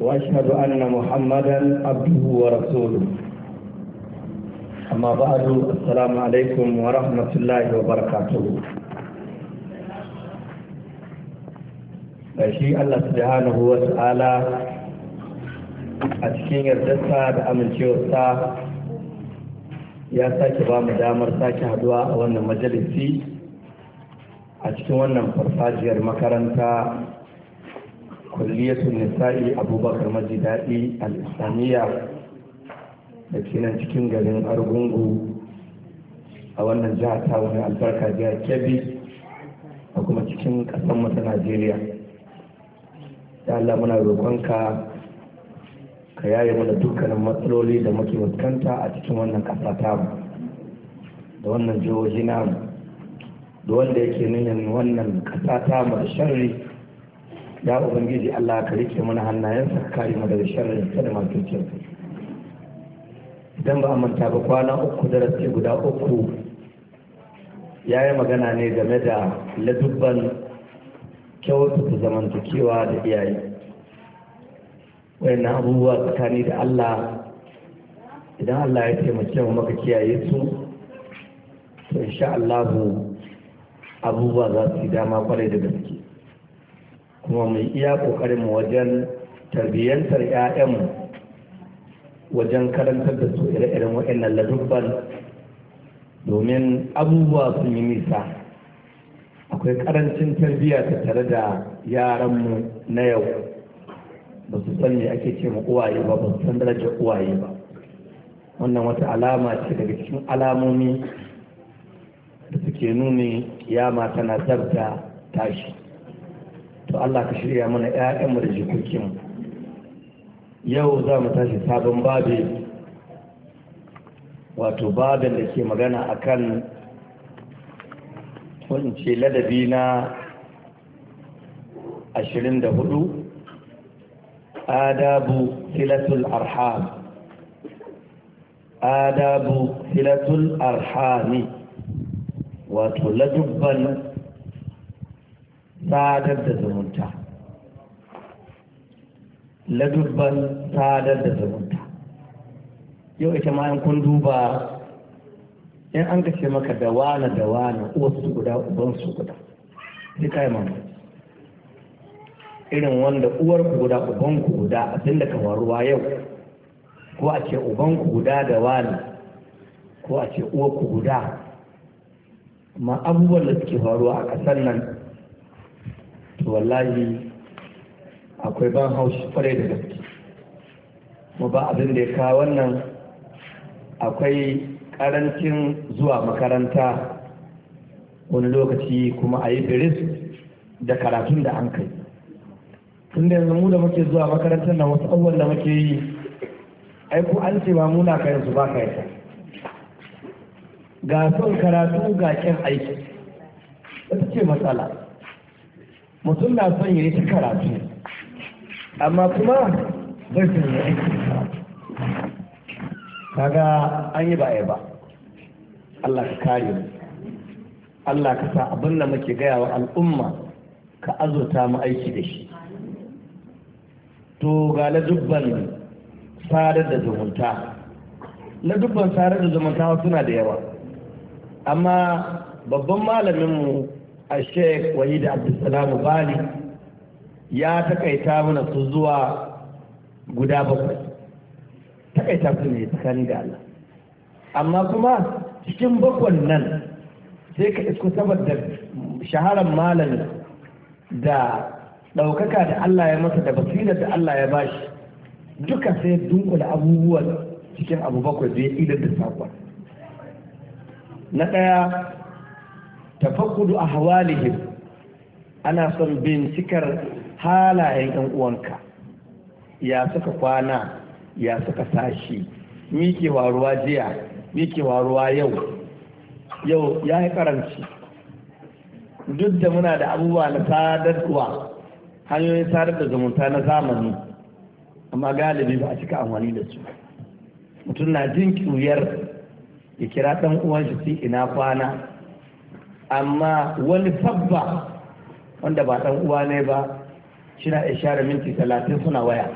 وأشهد أن محمدا عبده ورسوله أما بعد السلام عليكم ورحمة الله وبركاته shi Allah subhanahu wa ta'ala a cikin yardarsa da amincewarsa ya sake ba mu damar sake haduwa a wannan majalisi a cikin wannan farfajiyar makaranta kulliyatun nisa'i abubakar majidadi al-islamiyya da ke nan cikin garin argungu a wannan jiha ta wani albarka jihar kebbi a kuma cikin ƙasar mata najeriya ya Allah muna roƙonka ka yaye mana dukkanin matsaloli da muke fuskanta a cikin wannan ƙasa ta da wannan jihohi na da wanda yake nuhin wannan ƙasa ta mu da sharri ya ubangiji Allah ka rike mana hannayensa ka kare mu daga sharrin sa da makircin idan ba a manta ba kwana uku darasi guda uku ya yi magana ne game da ladubban kyautata zamantakewa da iyaye wayannan abubuwa tsakani da Allah idan Allah ya taimake mu maka kiyaye su to insha Allah abubuwa za su yi dama kwarai da gaske kuma mai iya ƙoƙarin wajen tarbiyyantar 'ya'yanmu wajen karantar da su ire-iren waɗannan ladubban domin abubuwa sun yi nisa akwai ƙarancin tarbiyya ta tare da yaranmu na yau ba su san me ake ce ma uwaye ba ba su san darajar uwaye ba wannan wata alama ce daga cikin alamomi da suke nuni yama tana zarta tashi to Allah ka shirya mana ƴaƴanmu da jikokinmu yau za mu tashi sabon babi wato babin da ke magana akan wance ladabi na ashirin da hudu adabu filatul arham adabu filatul arhami wato ladubban sadar da zumunta ladubban sadar da zumunta yau ita ma kun duba in an gace maka da wana da wana wasu guda uban su guda sai kai mamaki irin wanda uwar ku guda uban ku guda da ka waruwa yau ko a ce uban ku guda da wani ko a ce uwar ku guda amma abubuwan da suke faruwa a ƙasar nan wallahi akwai ban haushi kwarai da gaske mu ba abin da ya kawo wannan akwai karancin zuwa makaranta wani lokaci kuma a yi biris da karatun da an kai tun da yanzu mu da muke zuwa makarantar na wasu abubuwan da muke yi aiko an ce ba muna kayan su ba ka yasa ga son karatu ga kyan aiki wata ce matsala mutum na son yi ta karatu amma kuma bai su yi aiki karatu kaga an yi baya ba Allah ka kare mu Allah ka sa abin da muke gaya wa al'umma ka azurta mu aiki da shi to ga dubban sadar da zumunta dubban sadar da zumunta suna da yawa amma babban malaminmu a sheik da abdulsalamu bali ya takaita mana su zuwa guda bakwai takaita su ne tsakanin da Allah amma kuma cikin bakwan nan sai ka isko saboda shaharar malami da ɗaukaka da Allah ya masa da basirar da Allah ya bashi duka sai dunkula abubuwan cikin abu bakwai zai idar da sakon na ɗaya tafakkudu hawalihim ana son bincikar halayen yan uwanka ya suka kwana ya suka sashi mi waruwa jiya mi waruwa yau yau ya yi karanci duk da muna da abubuwa na sadarwa hanyoyin sadar da zumunta na zamani amma galibi ba a cika amfani da su mutum na jin kiyar ya kira ɗan uwan shi ina kwana amma wani fabba wanda ba ɗan uwa ne ba shina ya share minti talatin suna waya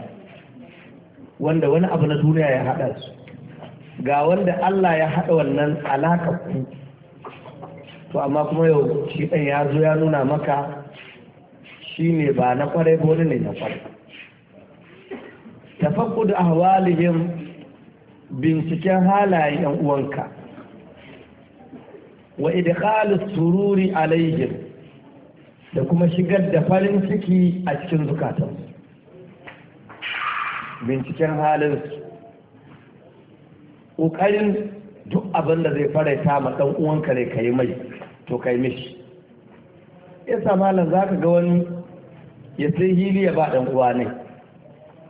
wanda wani abu na duniya ya haɗa su ga wanda Allah ya haɗa wannan alaƙa ku to amma kuma yau shi ɗan ya zo ya nuna maka shi ne ba na kwarai ba wani ne na kwarai da ahwalihim binciken halayen yan uwanka wa as sururi alayhim da kuma shigar da farin ciki a cikin zukatan binciken halin ƙoƙarin duk abin da zai faranta ma ɗan uwanka ne ka yi mai to kai mishi yasa malam za ka ga wani ya sai hili ya ba ɗan uwa ne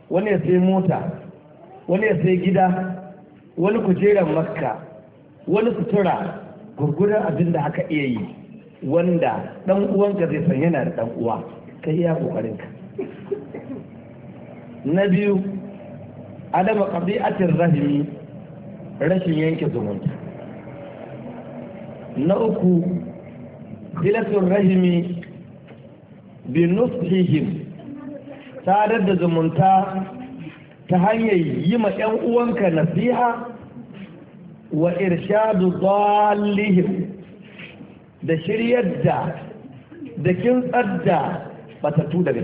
wani ya sai mota wani ya sai gida wani kujerar makka wani sutura gurgurar abin da aka iya yi wanda dan uwanka zai san yana da dan uwa ya kokarin ka na biyu adama qabi'atir rahimi rashin yanke zumunta na uku hilatul rahimi bi nusihim sadar da zumunta ta hanyar yi ma 'yan uwanka nasiha wa irshadu zalihim da shiryar da da kintsar da batattu daga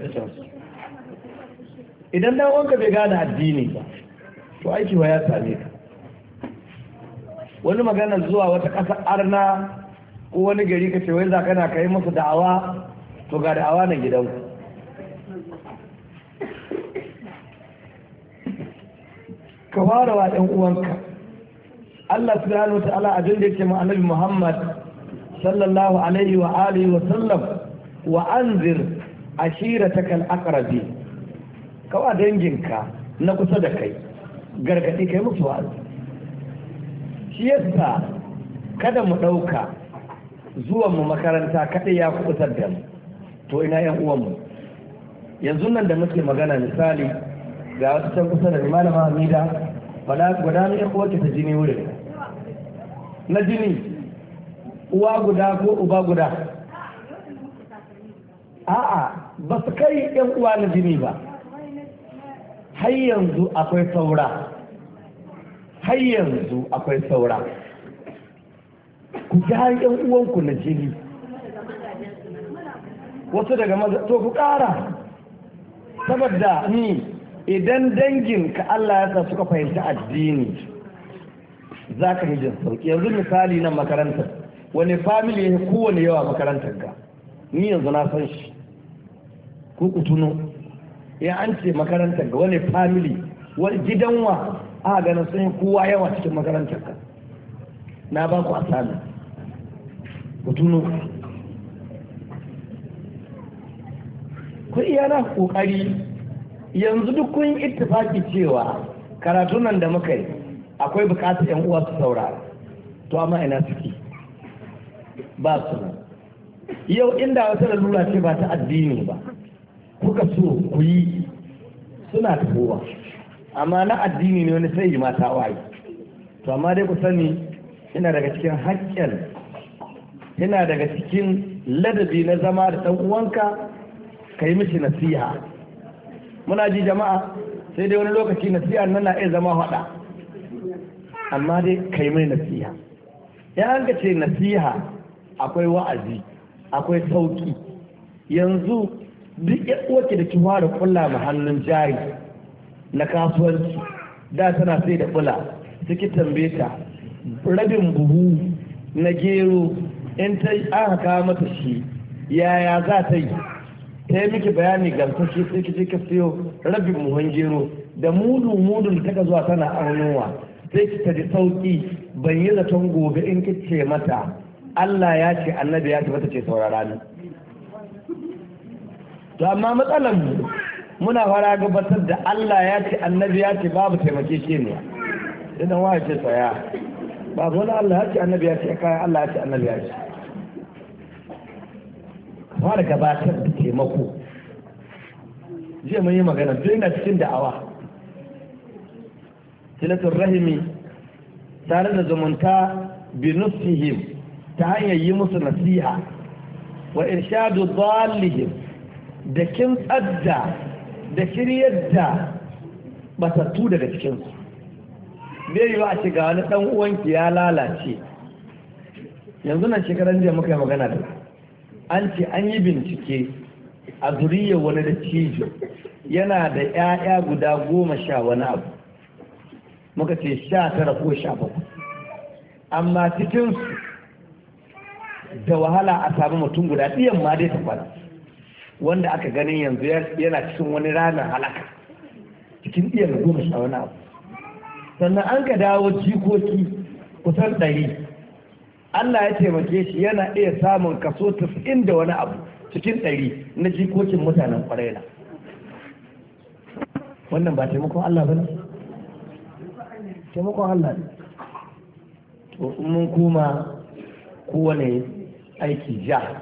idan dan wanka bai gane addini ba to aiki wa ya same ka wani magana zuwa wata ƙasa arna ko wani gari ka ce wai za kana kai masa da'awa to ga da'awa na gidanku ka fara wa ɗan uwanka Allah subhanahu wa ta'ala abin da yake ma Muhammad sallallahu alaihi wa alihi wa sallam wa anzir ashirataka al-aqrabi kawa danginka na kusa da kai gargadi kai musu wa'azi shi yasa kada mu dauka zuwan mu makaranta kada ya kubutar da mu to ina yan uwan mu yanzu nan da muke magana misali ga wasu can kusa da malama Hamida da gudanar yan uwarki ta jini wurin na jini uwa guda ko uba guda a'a ba su kai yan uwa na jini ba har yanzu akwai saura har yanzu akwai saura ku gyara yan uwanku na jini wasu daga maza to ku ƙara saboda ni idan dangin ka Allah ya sa suka fahimci addini za ka jin sauki yanzu misali nan makarantar wani family ya kowane yawa makarantar ga ni yanzu na san shi ko ku tuno ya eh, an ce makarantar ga wani family wani gidanwa a ganin sun kowa yawa cikin makarantar ka na ba ku asali ku tuno ku iya na kokari yanzu duk kun ittifaki cewa karatu nan da muka yi akwai bukatar yan uwa su saurara to amma ina suke ba su nan yau inda wata lalura ce ba ta addini ba kuka so ku yi suna tabowa amma na addini ne wani sai yi mata wayi to amma dai ku sani ina daga cikin haƙƙin ina daga cikin ladabi na zama da ɗan uwanka ka yi mishi nasiha muna ji jama'a sai dai wani lokaci nasiha nan na iya zama haɗa amma dai kai mai nasiha ya an ce nasiha akwai wa'azi akwai sauki yanzu duk ya da ki fara kula ma hannun jari na kasuwanci da tana sai da kula suke tambaye ta rabin buhu na gero in ta aka kawo mata shi yaya za ta yi ta yi miki bayani gamsashe sai ki je ka siyo rabin buhun gero da mudu mudun ta ka zuwa tana aunowa sai ki tafi sauki ban yi zaton gobe in ki ce mata Allah ya ce annabi ya ce mata ce saurara ni to amma matsalar mu muna fara gabatar da Allah ya ce annabi ya ce babu taimake ke ne idan wa ce saya babu wani Allah ya ce annabi ya ce kayan Allah ya ce annabi ya ce fara gabatar da taimako Jiya mun yi magana duk na cikin da'awa silatul rahimi tare da zumunta bi nusihim ta hanyar yi musu nasiha wa irshadu dalihim da kin tsadda da shiryar da batattu daga cikinsu bai ba a shiga wani dan uwanki ya lalace yanzu nan shekaran jiya muka yi magana da an ce an yi bincike a zuriyar wani da cijo yana da 'ya'ya guda goma sha wani abu muka ce sha tara ko sha bakwai amma cikin da wahala a samu mutum guda ɗiyan ma dai ta wanda aka ganin yanzu yana cikin wani ranar halaka cikin ɗiyan goma sha wani abu sannan an ka dawo jikoki kusan ɗari Allah ya taimake shi yana iya samun kaso tasirin da wani abu cikin ɗari na jikokin mutanen ƙwararra wannan ba taimakon Allah ba ne taimakon Allah ne to mun kuma kowane aiki ja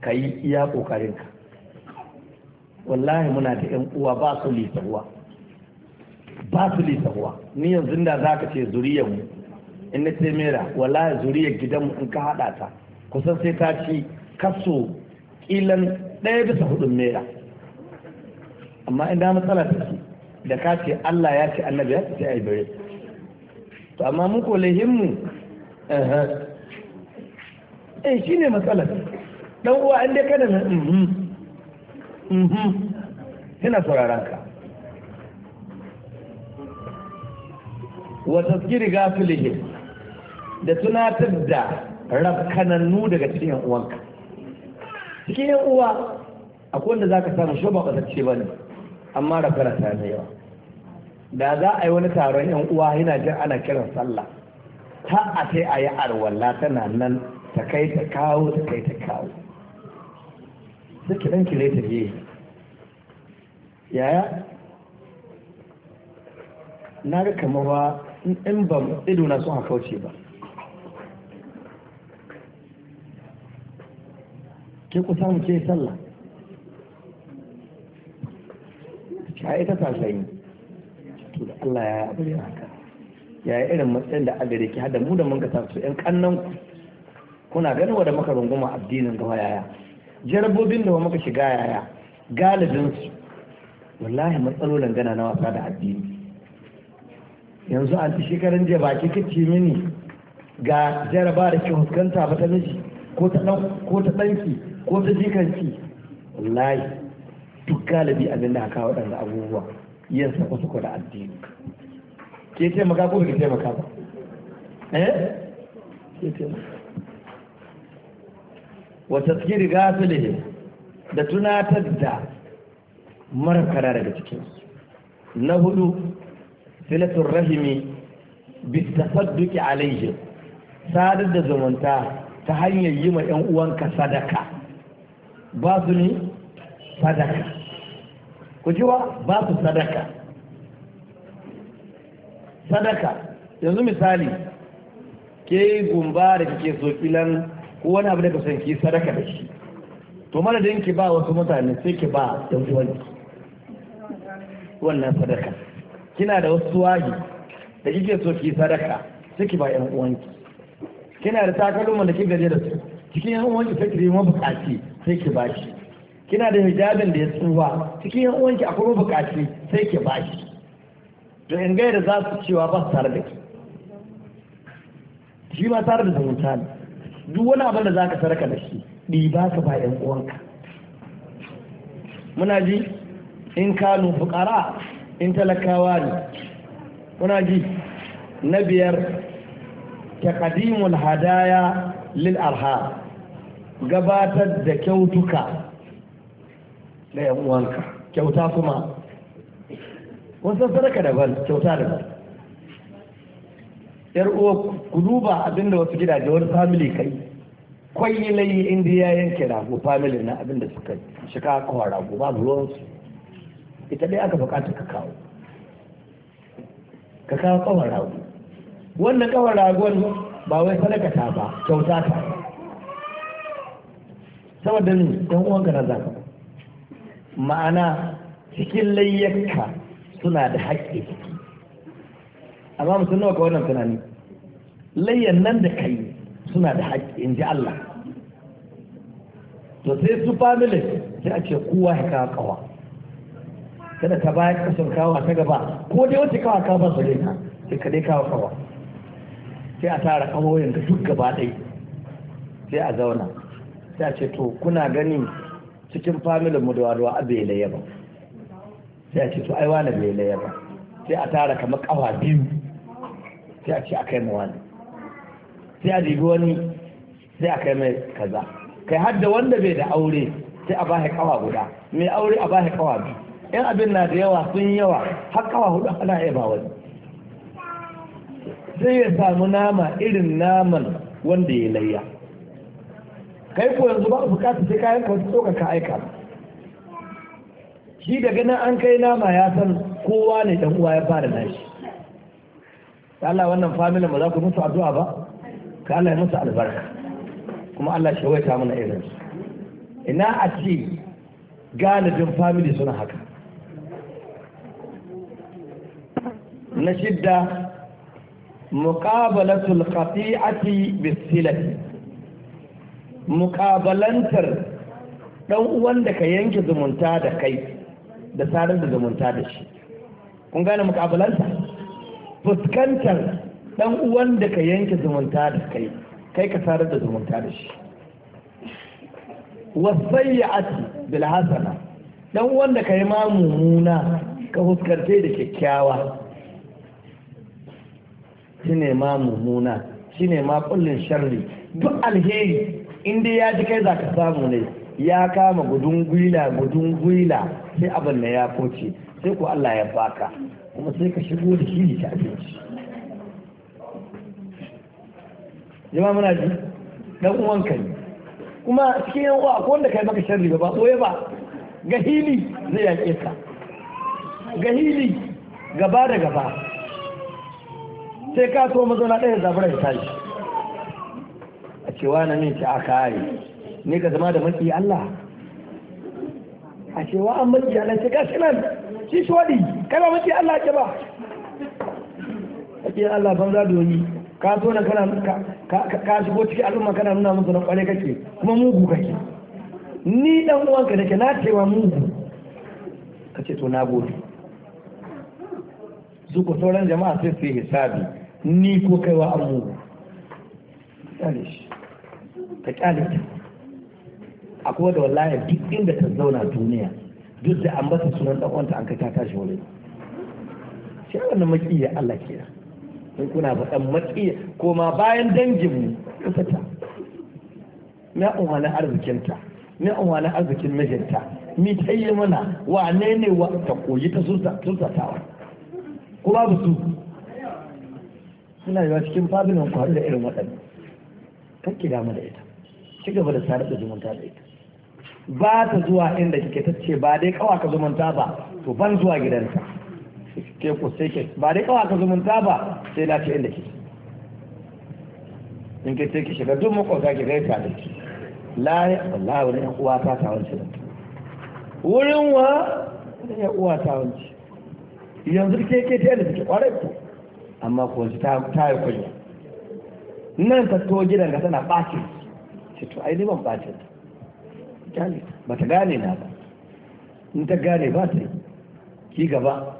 ka yi iya ƙoƙarinka wallahi muna da yan uwa ba su lisahuwa ba su uwa ni yanzu da za ka ce zuriyar mu in na ce mera wallahi zuriyar gidanmu in ka haɗa ta kusan sai ta ci kaso ƙilan ɗaya bisa hudun mera amma in da matsala ta ce da ka ce Allah ya ce annabi ya ce ai bare to amma mu ko lehimmu eh shine matsalar dan uwa an dai kana mhm mhm kina sauraron ka wa tazkiri gafilihi da tunatar da rafkanannu daga cikin uwanka cikin uwa akwai wanda zaka samu shoba ba ce bane amma da karanta da yawa da za a yi wani taron yan uwa yana jin ana kiran sallah ta a sai a yi arwalla tana nan ta kai ta kawo ta kai ta kawo su ɗan kire ta yi yaya na ga kamar ba in ba ido na sun kauce ba ke ku samu ke sallah ya ita ta sanyi to da Allah ya abu ya haka ya yi irin matsayin da agare ki hada mu da mun ka yan kannan kuna ganin wa da muka runguma addinin gaba yaya jarabobin da muka shiga yaya galibinsu su wallahi matsalolin gana na wasa da addini yanzu an ci shekarun jiya baki kici mini ga jaraba da ke huskanta ba ta miji ko ta ɗanki ko ta jikanki wallahi duk galibi abin da haka waɗanda abubuwa yin sa kusa da addini ke taimaka ko ke taimaka ba eh ke taimaka wa taskiri gafilihi da tunatar da markara daga cikin na hudu silatul rahimi bi tafadduki alayhi sadar da zumunta ta hanyar yi ma 'yan uwanka sadaka ba su ne sadaka ku wa ba su sadaka sadaka yanzu misali ke gumba da kike so filan ko wani abu da kusan ki sadaka da shi to madadin ki ba wasu mutane sai ki ba dan wani wannan sadaka kina da wasu wahi da kike so ki sadaka sai ki ba yan uwanki kina da takalmin da kike gaje da su cikin yan uwanki sai ki yi mabukaci sai ki ba shi kina da hijabin da ya tsuwa cikin yan uwanki akwai bukaci sai ke bashi to in ga da za su cewa ba su tare da ki shi ma tare da zumunta ne duk wani abin da za ka sarka da shi ba ka ba yan uwanka muna ji in ka nufi ƙara in talakawa ne muna ji na biyar ta ƙadimul hadaya lil arha gabatar da kyautuka na yan uwanka kyauta kuma wasu sadaka daban kyauta daban yar uwa ku duba abinda wasu gidaje wani family kai kwai layi indiya yanke rago family na abinda suka shiga kawa rago babu ruwansu ita dai aka bukata ka kawo ka kawo kawo rago wannan kawar ragon ba wai sadaka ta ba kyauta ta saboda ne 'yan uwanka na zaka ma'ana cikin layyarka suna da haƙƙi amma mutum nawa ka wannan tunani layyan nan da kai suna da haƙƙi in ji Allah to sai su family sai a ce kowa ya kawo kawa kada ka baya kasan kawo ta gaba ko dai wace kawo kawo ba su dai ka sai ka dai kawo kawa sai a tara kawo yanka duk gaba ɗai sai a zauna sai a ce to kuna gani cikin familin mu da wadawa a bai laye ba sai a ce to ai wani bai laye ba sai a tara kamar kawa biyu sai a ce a kai ma wani sai a dibi wani sai a kai mai kaza kai hadda wanda bai da aure sai a bashi kawa guda mai aure a bashi kawa biyu yan abin na da yawa sun yawa har kawa hudu ana iya ba wani sai ya samu nama irin naman wanda ya layya kai ko yanzu ba a bukata sai kayan ka tsoka ka aika shi da nan an kai nama ya san kowa ne dan uwa ya fara nashi Allah wannan famila ba za ku mutu addu'a ba ka Allah ya musu albarka kuma Allah shi waita mana irin ina a ce galibin famili suna haka na shidda muqabalatul qati'ati bis silati mukabalantar ɗan uwan da ka yanke zumunta da kai da sadar da zumunta da shi kun gane mukabalanta fuskantar ɗan uwan da ka yanke zumunta da kai kai ka sadar da zumunta da shi wasayyati bil hasana dan uwan da kai ma mummuna ka fuskarte da kyakkyawa shine ma mummuna shine ma kullin sharri duk alheri in ya ji kai za ka samu ne ya kama gudun gwila gudun gwila sai abin da ya koce sai ko Allah ya baka kuma sai ka shigo da shi ta abinci jama'a muna ji dan uwan kai kuma cikin yan uwa ko wanda kai maka sharri ba ba koye ba gahili zai yake ka gahili gaba da gaba sai ka so mazauna ɗaya zabura ya tashi cewa na min ci a yi ne ka zama da maki Allah a cewa an maki Allah ce ga sinan shi shodi kai ba maki Allah ke ba ake Allah za doni ka zo na kana ka shigo cikin al'umma kana nuna musu na kware kake kuma mugu kake ni dan uwanka nake na cewa mugu ka ce to na gode su ku sauran jama'a sai su yi hisabi ni ko kaiwa an mugu ka kyale ta a kuma da wallahi duk inda ta zauna duniya duk da an bata sunan ɗan'uwanta an kai ta tashi wani shi wannan makiya Allah ke in kuna faɗan makiya ko ma bayan dangin mu kafata na unwa arzikinta na unwa arzikin mijinta mi ta yi mana wa ne ne wa ta koyi ta sursatawa ko babu su suna wa cikin fadilin kwari da irin waɗanda ki damu da ita ci gaba da sadar da zumunta da ita ba ta zuwa inda kike ta ce ba dai kawa ka zumunta ba to ban zuwa gidansa ke ko sai ke ba dai kawa ka zumunta ba sai na ce inda kike in ke ki shiga duk makwabta ki gaisa da ki la wallahi wani yan uwa ta tawon shi wurin wa wani yan uwa ta wanci yanzu ke ke ta yadda kike kwarai ko amma ko ta ta yi kunya nan ka to gidan ka tana ɓacin ce to ai ban ɓacin kyale ba ta gane na ba in ta gane ba ta ki gaba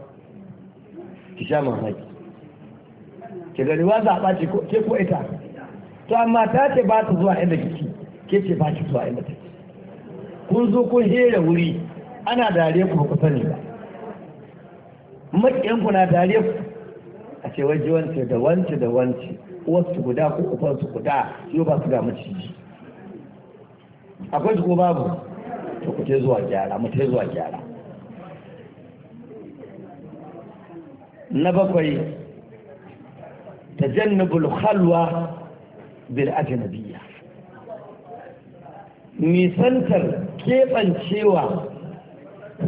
ki sha mamaki Ke gani wa za a ɓace ke ko ita to amma ta ce ba ta zuwa inda kiki ke ce ba ki zuwa inda take kun zo kun hera wuri ana dare ku ba ku sani ba maƙiyan ku na dare ku a ce waje da wance da wance uwarsu guda ko ubansu guda yau ba su ga maciji akwai ko babu to ku zuwa gyara mu ta zuwa gyara na bakwai ta tajannabul khalwa bil ajnabiyya nisantar keɓancewa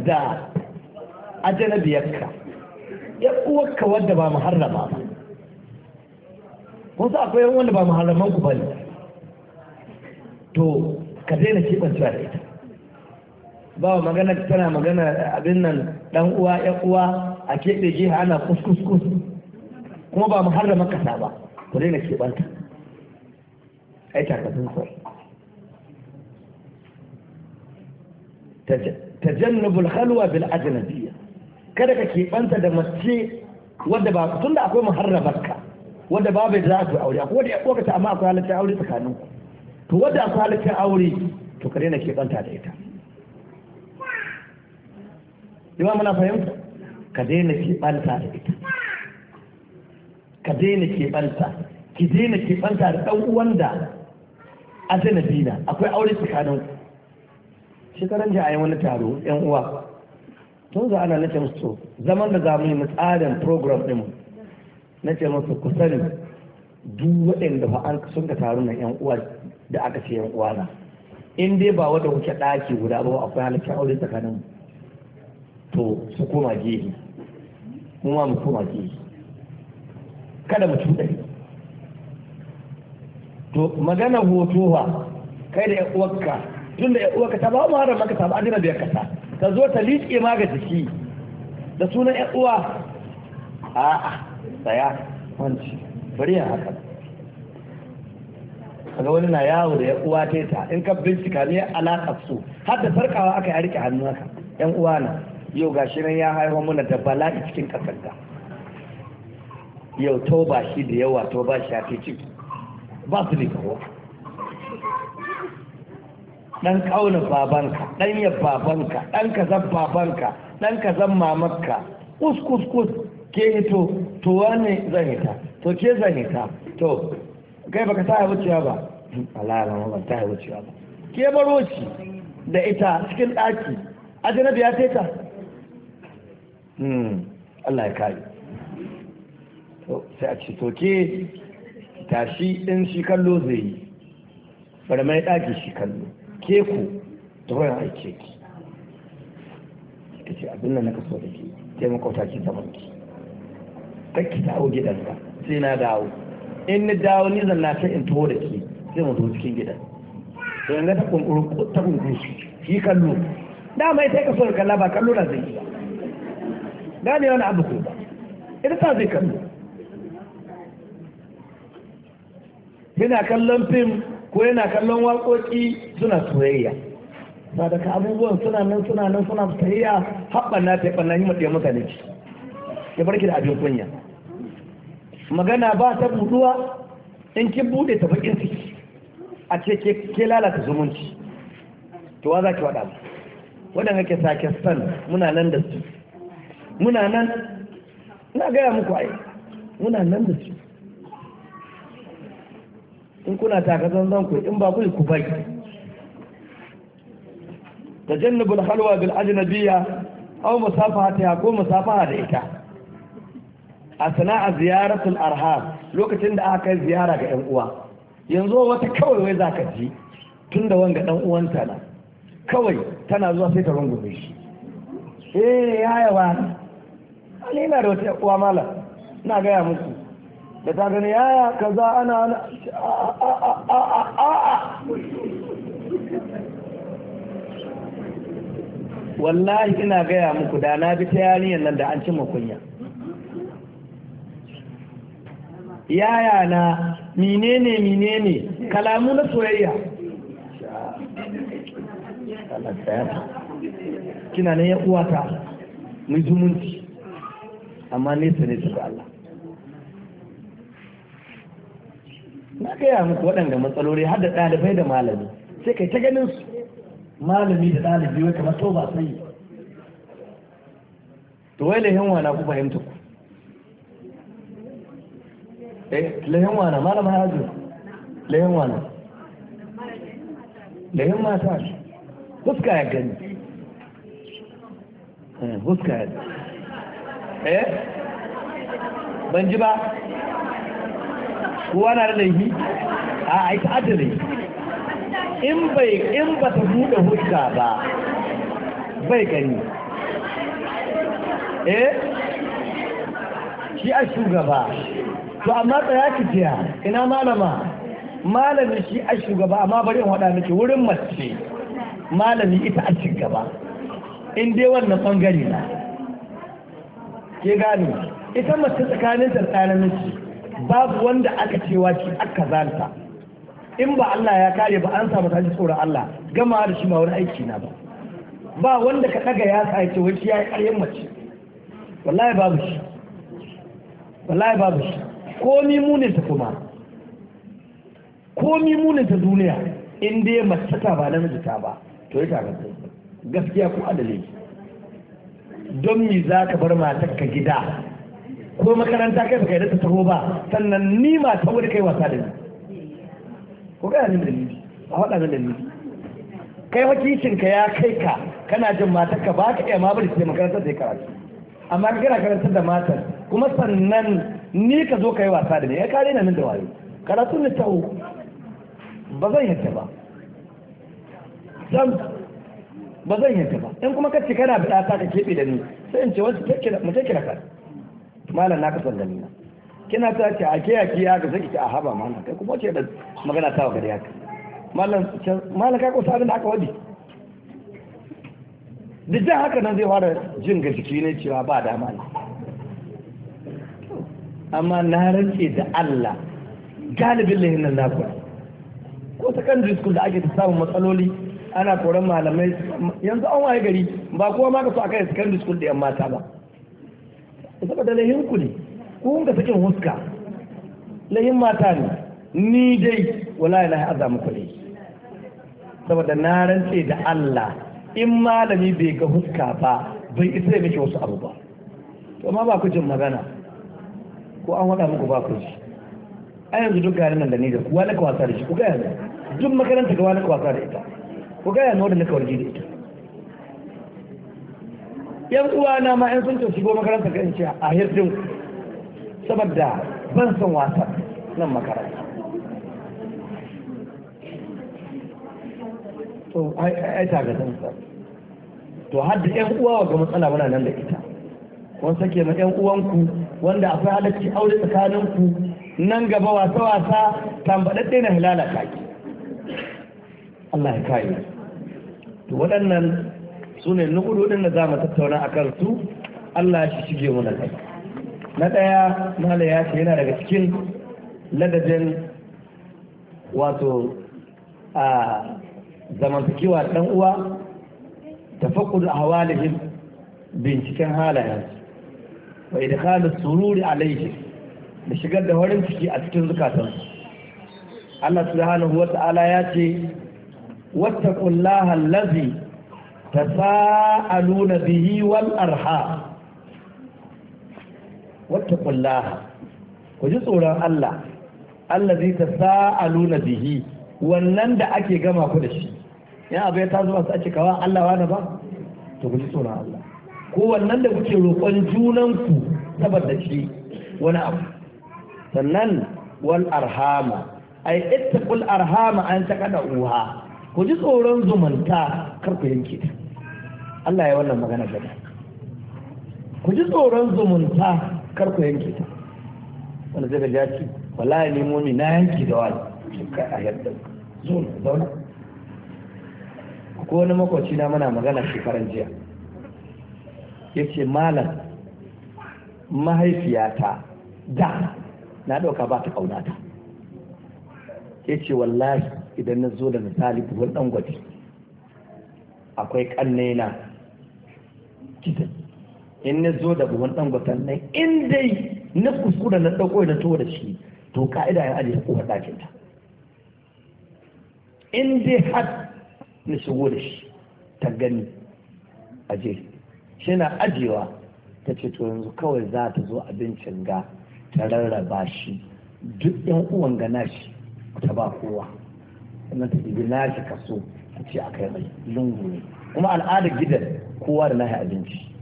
da ajanabiyarka ya uwarka wadda ba muharrama ba kun sa akwai wanda ba muharraman ku bane to ka daina ban da ita ba magana tana magana abin nan dan uwa ya uwa a keɓe jiha ana kuskuskus kuma ba muharraman kasa ba ku daina ta ai takatun sai tajannubul halwa bil ajnabiyya kada ka ta da mace wadda ba tunda akwai muharramarka wanda babu da za ku aure akwai wanda ya kokata amma akwai halittar aure tsakanin ku to wanda akwai halittar aure to ka daina keɓanta da ita ima muna fahimta ka daina keɓanta da ita ka daina keɓanta ki daina keɓanta da ɗan uwan da ajanabi na akwai aure tsakanin ku shekaran jiya wani taro yan uwa tun za ana nake musu zaman da za mu yi mu tsarin program ɗinmu na ce masu ku sani duk waɗanda fa an sun ka taru na yan uwa da aka ce yan uwa na in dai ba wata kuke ɗaki guda ba akwai halittar aure tsakanin to su koma gehe mu ma mu koma gehe kada mu cuɗa to magana hoto ba kai da yan uwarka tun da yan uwarka ta ba mu haram maka ta ba adina biyar kasa ta zo ta liƙe ma ga jiki da sunan yan uwa a'a tsaya wanci bari ya haka kaga wani na yawo da ya uwa ta in ka bincika ne alaƙa su har da aka yi a rike hannu haka yan uwa na yau ga shi nan ya haifa muna da bala'i cikin ƙasar da yau ba shi da yawa to ba shi a ciki ba su ne kawo ɗan ƙauna babanka ɗan yar babanka ɗan kazan babanka ɗan kazan mamarka kus kus kus ke hito to wane zan hita to ke zan hita to kai baka sa wucewa ba Allah ya ban ta wucewa ba ke baro shi da ita cikin a ajinabi ya ta hmm, Allah ya kare sai a ce to ke tashi in shi kallo zai yi bari mai daki shi kallo ke ku to wani aike ki ita ce abin nan na kaso da ke taimakon ta ke zaman ki kan ki dawo gidansa sai na dawo in ni dawo ni zan na ta in taho da ke sai mu zo cikin gidan to in ga ta kunkuru ta kunkuru shi kallo dama ita ka so kalla ba kallo na zai yi ba gane wani abu ko ba ita ta zai kallo yana kallon fim ko yana kallon waƙoƙi suna soyayya sadaka abubuwan suna nan suna nan suna soyayya haɓɓa na ta yi ɓanna yi mutane ci ya barki da abin kunya magana ba ta buduwa in kin bude ta bakin ciki a ce ke lalata zumunci to wa za ki wada mu Wadan ke sake san muna nan da su muna nan ina gaya muku ai muna nan da su in kuna taka zan ku in ba ku ku bai tajannubul halwa bil ajnabiyya aw ta ko musafaha da ita a sana'a ziyaratul arham lokacin da aka kai ziyara ga 'yan uwa yanzu wata kawai wai za ka ji tun da wanga ɗan uwanta na kawai tana zuwa sai ta rungume shi eh ya wa ni ina da wata uwa mala na gaya musu da ta gani yaya kaza ana a wallahi ina gaya muku da na bi ta yarinyar nan da an cimma kunya yaya na menene menene kalamu na soyayya kina ne ya uwata mai zumunci amma nesa ne ga Allah na gaya muku waɗanda matsaloli har da ɗalibai da malami sai kai ta ganin su malami da ɗalibi wai kamar to ba sai to wai lahin wana ku fahimta ku eh layin wana malama ya hazu layin wana layin mata huska ya gani eh, huska ya eh ban ji ba kuwa na da laifi a aiki adali in bai in ba ta buɗe huska ba bai gani eh shi a shugaba to amma tsaya ki jiya ina malama malami shi a shugaba amma bari in waɗa miki wurin mace malami ita a shugaba in dai wannan bangare na ke gane ita mace tsakanin tsakanin miki babu wanda aka cewa ki aka zanta in ba Allah ya kare ba an samu tashi tsoron Allah gama da shi ba wani aiki na ba ba wanda ka ɗaga ya sa ce wai shi ya yi ƙaryen mace wallahi babu shi wallahi babu shi komi muninta kuma komi muninta duniya in dai mace ta ba namiji ta ba to ya tare da gaskiya ko adali don mi za ka bar ka gida ko makaranta kai baka yadda ta taho ba sannan ni ma ta wuri kai wasa da ni ko ga ni dalili a faɗa min dalili kai wakicin ka ya kai ka kana jin ka ba ka iya ma bari sai makaranta sai karatu amma gina karantar da matar kuma sannan ni ka zo ka yi wasa da ni ya kare na nan da wayo karatu da tawo ba zan yadda ba ba zan yadda ba in kuma kace kana bi ta ka kebe da ni sai in ce wasu mu take ka malam na kasan da ni na kina ta ce a ke ya kiya ga zaki ki a haba malam kai kuma ce da magana ta ga ya malam malam ka ko sabin da aka wadi da haka nan zai fara jin ga jiki ne cewa ba dama ne amma na rance da Allah galibin lahin nan na kuwa ko secondary school da ake ta samun matsaloli ana koran malamai yanzu an waye gari ba kowa ma ka so a kai secondary school da yan mata ba saboda lahin ku ne ku ka sakin huska lahin mata ne ni dai wallahi na haza muku ne saboda na rance da Allah in malami bai ga huska ba bai isa miki wasu abu ba to ma ba ku jin magana ko an waɗa muku ba ku a yanzu duk garin nan da ne da kuwa na wasa da shi ku gaya mai duk makaranta ga wani wasa da ita ku gaya mai wanda na kawarji da ita yan uwa na ma yan sun shigo makaranta ga ce a hirdin saboda ban son wasa nan makaranta to ai ta ga sansa to har da yan uwa ga matsala muna nan da ita kun sake ma yan uwanku wanda akwai halacci aure tsakanin ku nan gaba wasa wasa tambaɗaɗɗe na hilala kaki Allah ya kare to waɗannan su ne nukudodin da za mu tattauna a su Allah shi shige mu na kai na ɗaya mala ya ce yana daga cikin ladajin wato a zamantakewa ɗan uwa tafakkur a hawalihim binciken halayensu wa idkhalu sururi laifin, da shigar da warin ciki a cikin zukatansu Allah subhanahu wa ta'ala ya ce wattaqullaha allazi tasaaluna bihi wal arha wattaqullaha ku ji tsoron Allah allazi tasaaluna bihi wannan da ake gama ku da shi ya abu ya zuwa su ake kawa Allah na ba to ku ji tsoron Allah ko wannan da kuke roƙon junanku saboda shi wani abu sannan wal arhama ai ittaqul arhama an takada uha ku ji tsoron zumunta kar ku yanke ta Allah ya wannan magana gaba ku ji tsoron zumunta kar ku yanke ta wanda zai ga ci wallahi ne mu na yanke da wani kai a yadda zo zauna ko wani makwaci na mana magana shekaran jiya ya ce malam mahaifiyata da na ɗauka ba ta ƙaunata ya ce wallahi idan na zo da misali buhun ɗan gwaji akwai ƙannena gidan in na zo da buhun ɗan gwatan nan in dai na kuskura na ɗauko na to da shi to ka'ida ya ajiye kowar ɗakinta in dai har na shigo da shi ta gani aje shi ajiyewa ta ce to yanzu kawai za ta zo abincin ga ta rarraba shi duk yan uwan ga nashi ta ba kowa sannan ta ɗibi nashi kaso ta ce a kai mai lungu ne kuma al'adar gidan kowa da nahi abinci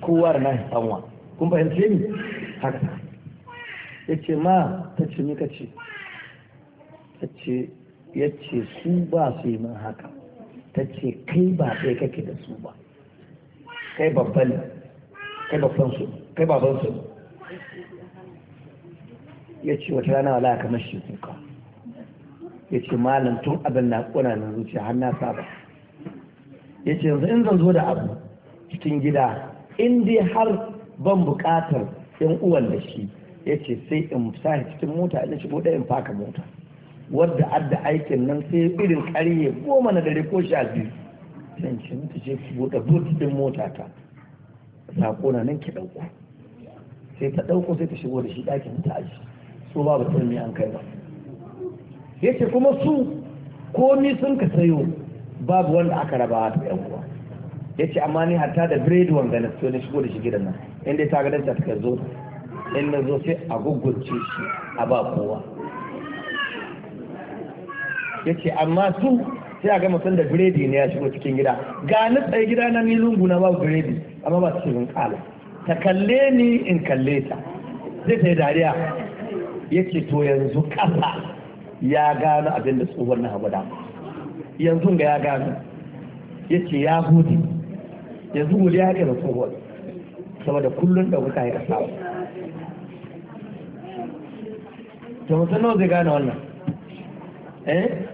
kowa da nahi sanwa kun fahimce ni haka ya ce ma ta ce ni ka ce ya ce su ba su yi min haka ta ce kai ba sai kake da su ba kai babban kai babban su kai babban su ya ce wata rana wala kamar shi kuka ya ce malam tun abin na kuna na zuciya har na saba ya ce yanzu in zan zo da abu cikin gida in dai har ban bukatar yan uwan da shi ya ce sai in sa cikin mota ina shigo ɗaya in faka mota wadda adda aikin nan sai irin karye goma na dare ko sha biyu zan ce mutu ce ki buɗe buɗe din mota ta sako na nan ki ɗauko sai ta ɗauko sai ta shigo da shi ɗakin ta aji so ba ba tsanni an kai ba yace kuma su komi sun ka sayo babu wanda aka rabawa ta yan uwa yace amma ni hatta da biredi wanga na so shigo da shi gidan nan inda ta ga ta ta zo inda zo sai a gugurce shi a ba kowa ya ce amma su sai a gama sanda da biredi ne ya shigo cikin gida ga nutsai gida na ni lungu na babu biredi amma ba su shirin kala ta kalle ni in kalle ta zai ta yi dariya ya ce to yanzu kasa ya gano abin da tsohon na gwada yanzu ga ya gano ya ce ya hudu yanzu gudu ya haɗe da tsohon saboda kullum da wuta ya kasa ta mutum nawa zai gane wannan eh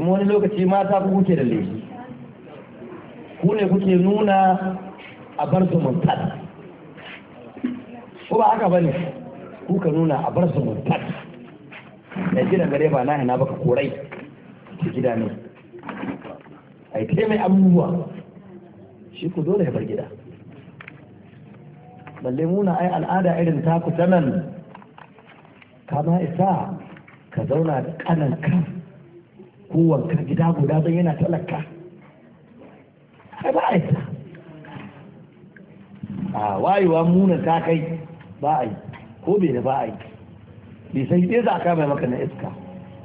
kuma wani lokaci mata ku kuke da laifi ku ne kuke nuna a bar su muntat ko ba haka ne ku ka nuna a bar su muntat da gidan gare ba na hina baka korai ki gida ne ai kai mai abubuwa shi ku dole ya bar gida balle muna ai al'ada irin taku ta nan kama isa ka zauna da kan kowanka gida guda don yana talaka ba a yi a wayewa muna ta kai ba a yi ko bai da ba a yi bai san ɗaya za a kama maka na iska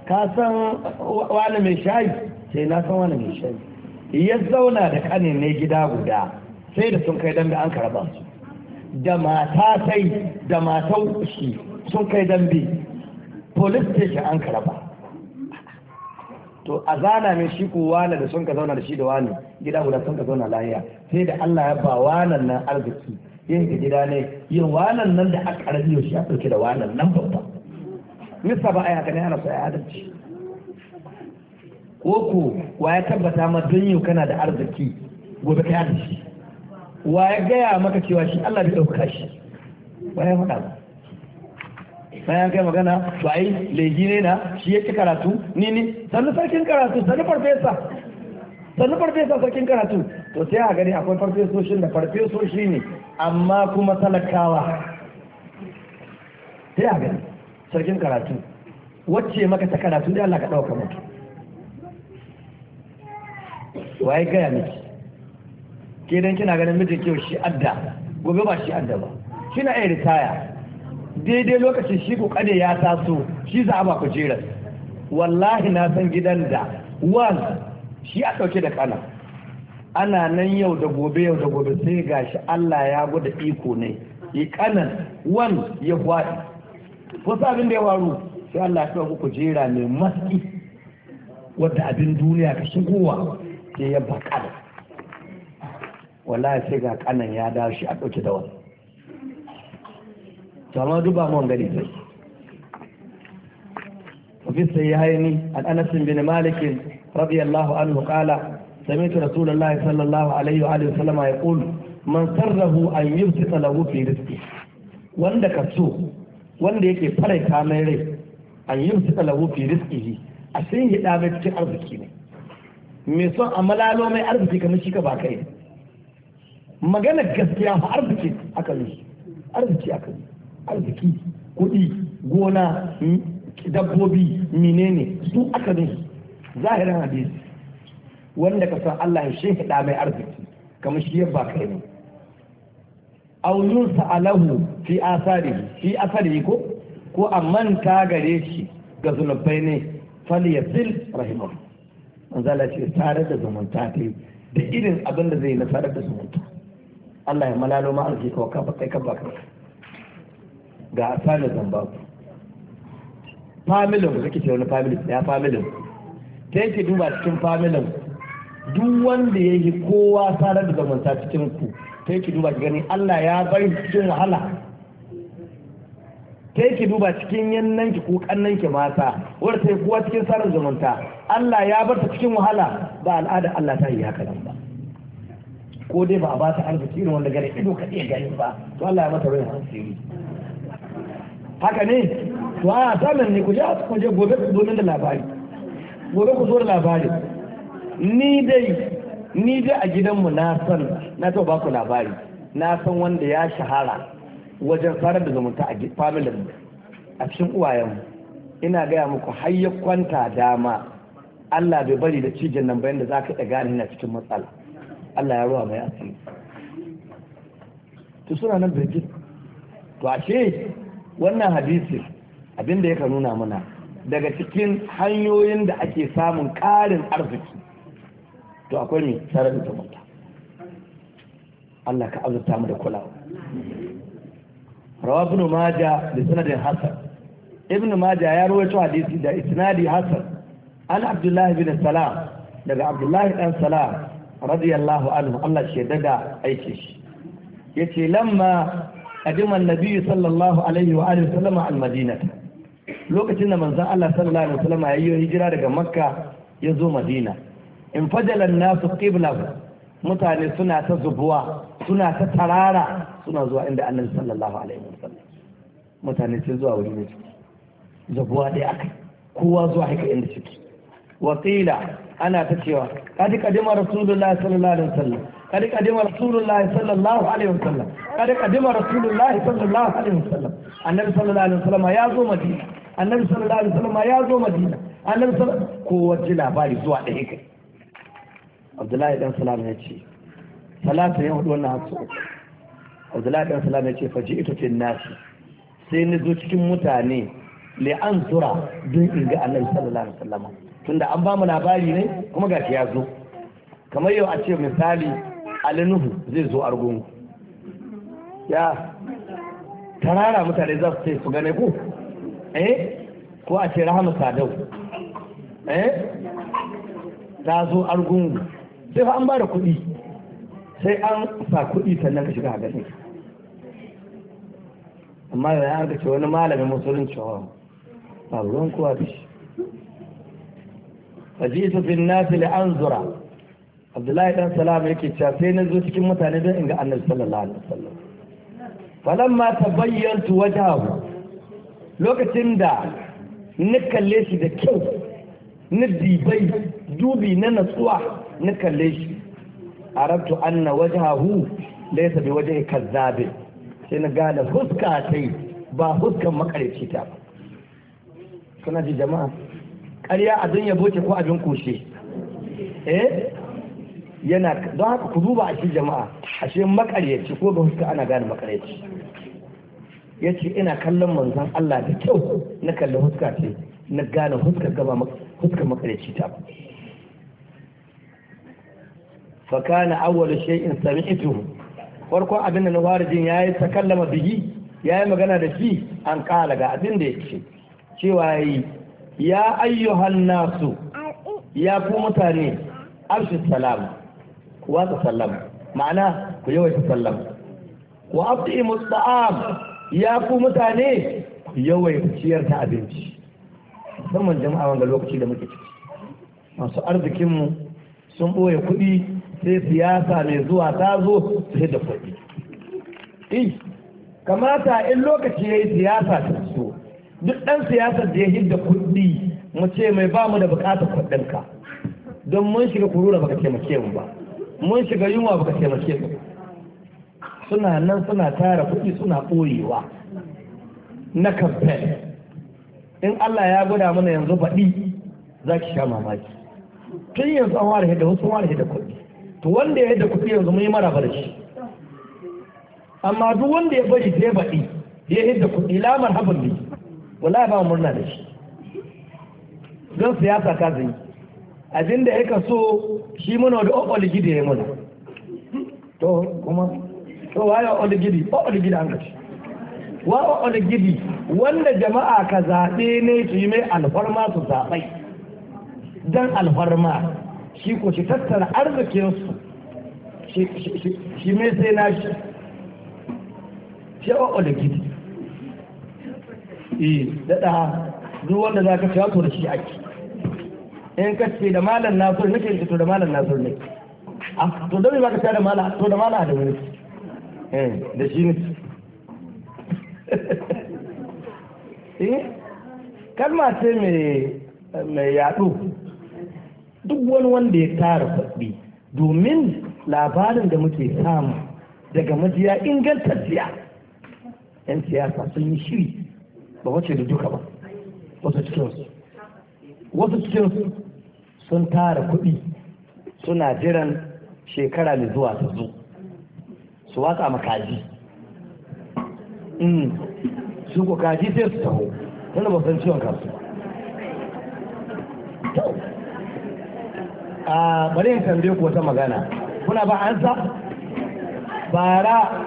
ka san wani mai shayi sai na san wani mai shayi ya zauna da kanin ne gida guda sai da sun kai da an karba su da mata sai da matan shi sun kai dambe police station an karba to a zana mai shi ko wani da sun ka zauna da shi da wani gida guda sun ka zauna lahiya sai da Allah ya ba wanan nan arziki yin ga gida ne yin wanan nan da aka rabiyo shi ya ɗauke da wanan nan babba nisa ba a yi haka ne ana so ya adalci ko wa ya tabbata ma don yau kana da arziki gobe ka yi wa ya gaya maka cewa shi Allah bai ɗauka shi wa ya faɗa ba bayan kai magana to ai leji ne na shi yake karatu ni ni sannu sarkin karatu sannu farfesa sannu farfesa sarkin karatu to sai a gani akwai farfesoshin da farfesoshi ne amma kuma talakawa sai a gani sarkin karatu wacce maka ta karatu da Allah ka dauka mutu waye gaya miki ke dan kina ganin mijin kyau shi adda gobe ba shi adda ba kina iya ritaya daidai lokacin shi kokade ya taso shi za a ba kujerar wallahi na san gidan da waz shi a ɗauke da kana ana nan yau da gobe yau da gobe sai gashi Allah ya gwada iko ne yi kanan wan ya faɗi wasu abin da ya waru sai Allah ya ku kujera mai maski wadda abin duniya ka shigowa sai ya bakana wallahi sai ga kanan ya dashi a ɗauke da wani to amma duba mu gani sai وفي الصحيحين عن انس بن مالك رضي الله عنه قال سمعت رسول الله صلى الله عليه واله وسلم يقول من سره yi يبسط له في رزقه wanda ka so wanda yake faraita mai rai an yi suka lahu fi rizqihi a san yi mai cikin arziki ne mai son a malalo mai arziki kamar shi ka ba kai magana gaskiya fa arziki aka yi arziki aka yi arziki kuɗi gona hmm, dabbobi menene su aka ne zahirin hadisi wanda ka san Allah ya da mai arziki kamar shi ya baka ne aw yunsa alahu fi asari fi asari ko ko amman ta gare shi ga zunubai ne fal falyasil an zala ce tare da zumunta ta da irin abin da zai nasarar da zumunta Allah ya malalo ma arziki ko ka baka kai ka ba kai ga family zambabu familin ku kake ce wani family ya familin ta yake duba cikin familin duk wanda ya yi kowa sarar da zamanta cikin ku ta yake duba gani Allah ya bar cikin wahala ta yake duba cikin ki ko ki mata wanda ta yi kowa cikin sarar zamanta Allah ya bar ta cikin wahala ba al'ada Allah ta yi haka nan ba ko dai ba a ba ta arziki irin wanda gare ido ka iya gani ba to Allah ya mata rai hansiri haka ne to a samun ne ku ja ku je gobe ku zo da labari gobe ku zo da labari ni dai ni dai a gidanmu na san na taɓa ba ku labari na san wanda ya shahara wajen farar da zumunta a familin a cikin uwayenmu ina gaya muku har ya kwanta dama Allah bai bari da cijin nan bayan da za ka iya gane na cikin matsala Allah ya ruwa mai asiri to suna nan birgit to ashe wannan hadisi da yaka nuna mana daga cikin hanyoyin da ake samun ƙarin arziki to akwai ne tsarar zumunta Allah ka azurta mu da kulawa rawa ibn maja da sanadin hasan ibn maja ya rawaito hadisi da isnadi hasan an abdullahi bin salam daga abdullahi dan salam radiyallahu anhu Allah shi daga aiki shi yace lamma kadima nabi sallallahu alaihi wa alihi sallama al lokacin da manzon Allah sallallahu ya yi hijira daga makka ya zo madina in fajala nasu qiblahu mutane suna ta zubuwa suna ta tarara suna zuwa inda annabi sallallahu alaihi wasallam mutane sun zuwa wuri ne zubuwa dai akai kowa zuwa haka inda suke wakila ana ta cewa ka kadima rasulullah sallallahu alaihi wasallam kada kadima rasulullah sallallahu alaihi wasallam kada kadima rasulullah sallallahu alaihi wasallam annabi sallallahu alaihi wasallam ya zo madina annabi sallallahu alaihi wasallam ya zo madina annabi ko wace labari zuwa ɗaya kai abdullahi dan salam ya ce salatu ya hudu wannan hasu abdullahi dan salam ya ce faji ita ce nasi sai ni zo cikin mutane li an tura don in ga annabi sallallahu alaihi wasallam tunda an ba mu labari ne kuma gashi ya zo kamar yau a ce misali alinuhu zai zo argungu ya tarara mutane za su ce su gane ku eh ko a ce rahama sadau eh ta zo argungu sai an ba da kuɗi sai an sa kuɗi sannan ka shiga a gani amma da an ce wani malamin musulunci wa oh, ba ruwan kowa da shi fajita ji ta fi nasi li anzura abdullahi dan salam yake cewa sai na zo cikin mutane don in ga annabi sallallahu alaihi wasallam falamma tabayyantu wajahu lokacin da na kalle shi da kyau na dibai dubi na natsuwa na kalle shi arabtu anna wajahu laysa bi wajhi kazzabe sai na gane huska tai ba huskan makarici ta ba ji jama'a ƙarya abin ya boke ko abin kushe eh yana don haka ku duba a cikin jama'a a makaryaci ko ga huska ana gane makaryaci ya ce ina kallon manzan Allah da kyau na kalli huska ce na gane huskar gaba huskar makaryaci ta ba fakana awwal shay'in sami'tu farkon abin da na fara yayi ta kallama bihi yayi magana da shi an kala ga abin da yake cewa yayi ya ayyuhan nasu ya ku mutane afshu salama ku ba ma'ana ku yawaita sallama wa imu ta'am ya ku mutane ku ciyar ta abinci musamman jama'a wanda lokaci da muke ciki masu arzikinmu sun ɓoye kuɗi sai siyasa mai zuwa ta zo su da kuɗi eh, kamata in lokaci ya yi siyasa ta so duk ɗan siyasar da ya hidda kuɗi mu ce mai ba mu da bukatar kuɗinka don mun shiga kurura baka taimake mu ba mun shiga yunwa baka taimake mu suna nan suna tara kuɗi suna ɓoyewa na kamfen in Allah ya gwada mana yanzu baɗi za ki sha mamaki tun yanzu an ware da wasu ware da kuɗi to wanda ya da kuɗi yanzu mun yi maraba da shi amma duk wanda ya bari sai baɗi ya yi da kuɗi lamar habin ne wala ba murna da shi don siyasa ka zai da ya kaso shi muna da oligidi ya muna to kuma to waye oligidi oligidi an kace wa oligidi wanda jama'a ka zaɓe ne su yi mai alfarma su zaɓai dan alfarma shi ko shi tattara su shi mai sai na shi shi wa oligidi eh daɗa duk wanda za ka ci wato da shi ake in ka ce da malam Nasiru nake ce to da malam Nasiru ne to da ba baka ta da malam to da malam da wani eh da shi ne eh kalma ce mai mai yaɗo duk wani wanda ya tara faɗi domin labarin da muke samu daga majiya ingantacciya yan siyasa sun yi shiri ba wace da duka ba wasu wasu cikinsu sun tara kuɗi suna jiran shekara mai zuwa ta zo su watsa ma kaji mm. su ko kaji sai su taho tana ba san ciwon kansu a bari in tambaye ku wata magana kuna ba an sa bara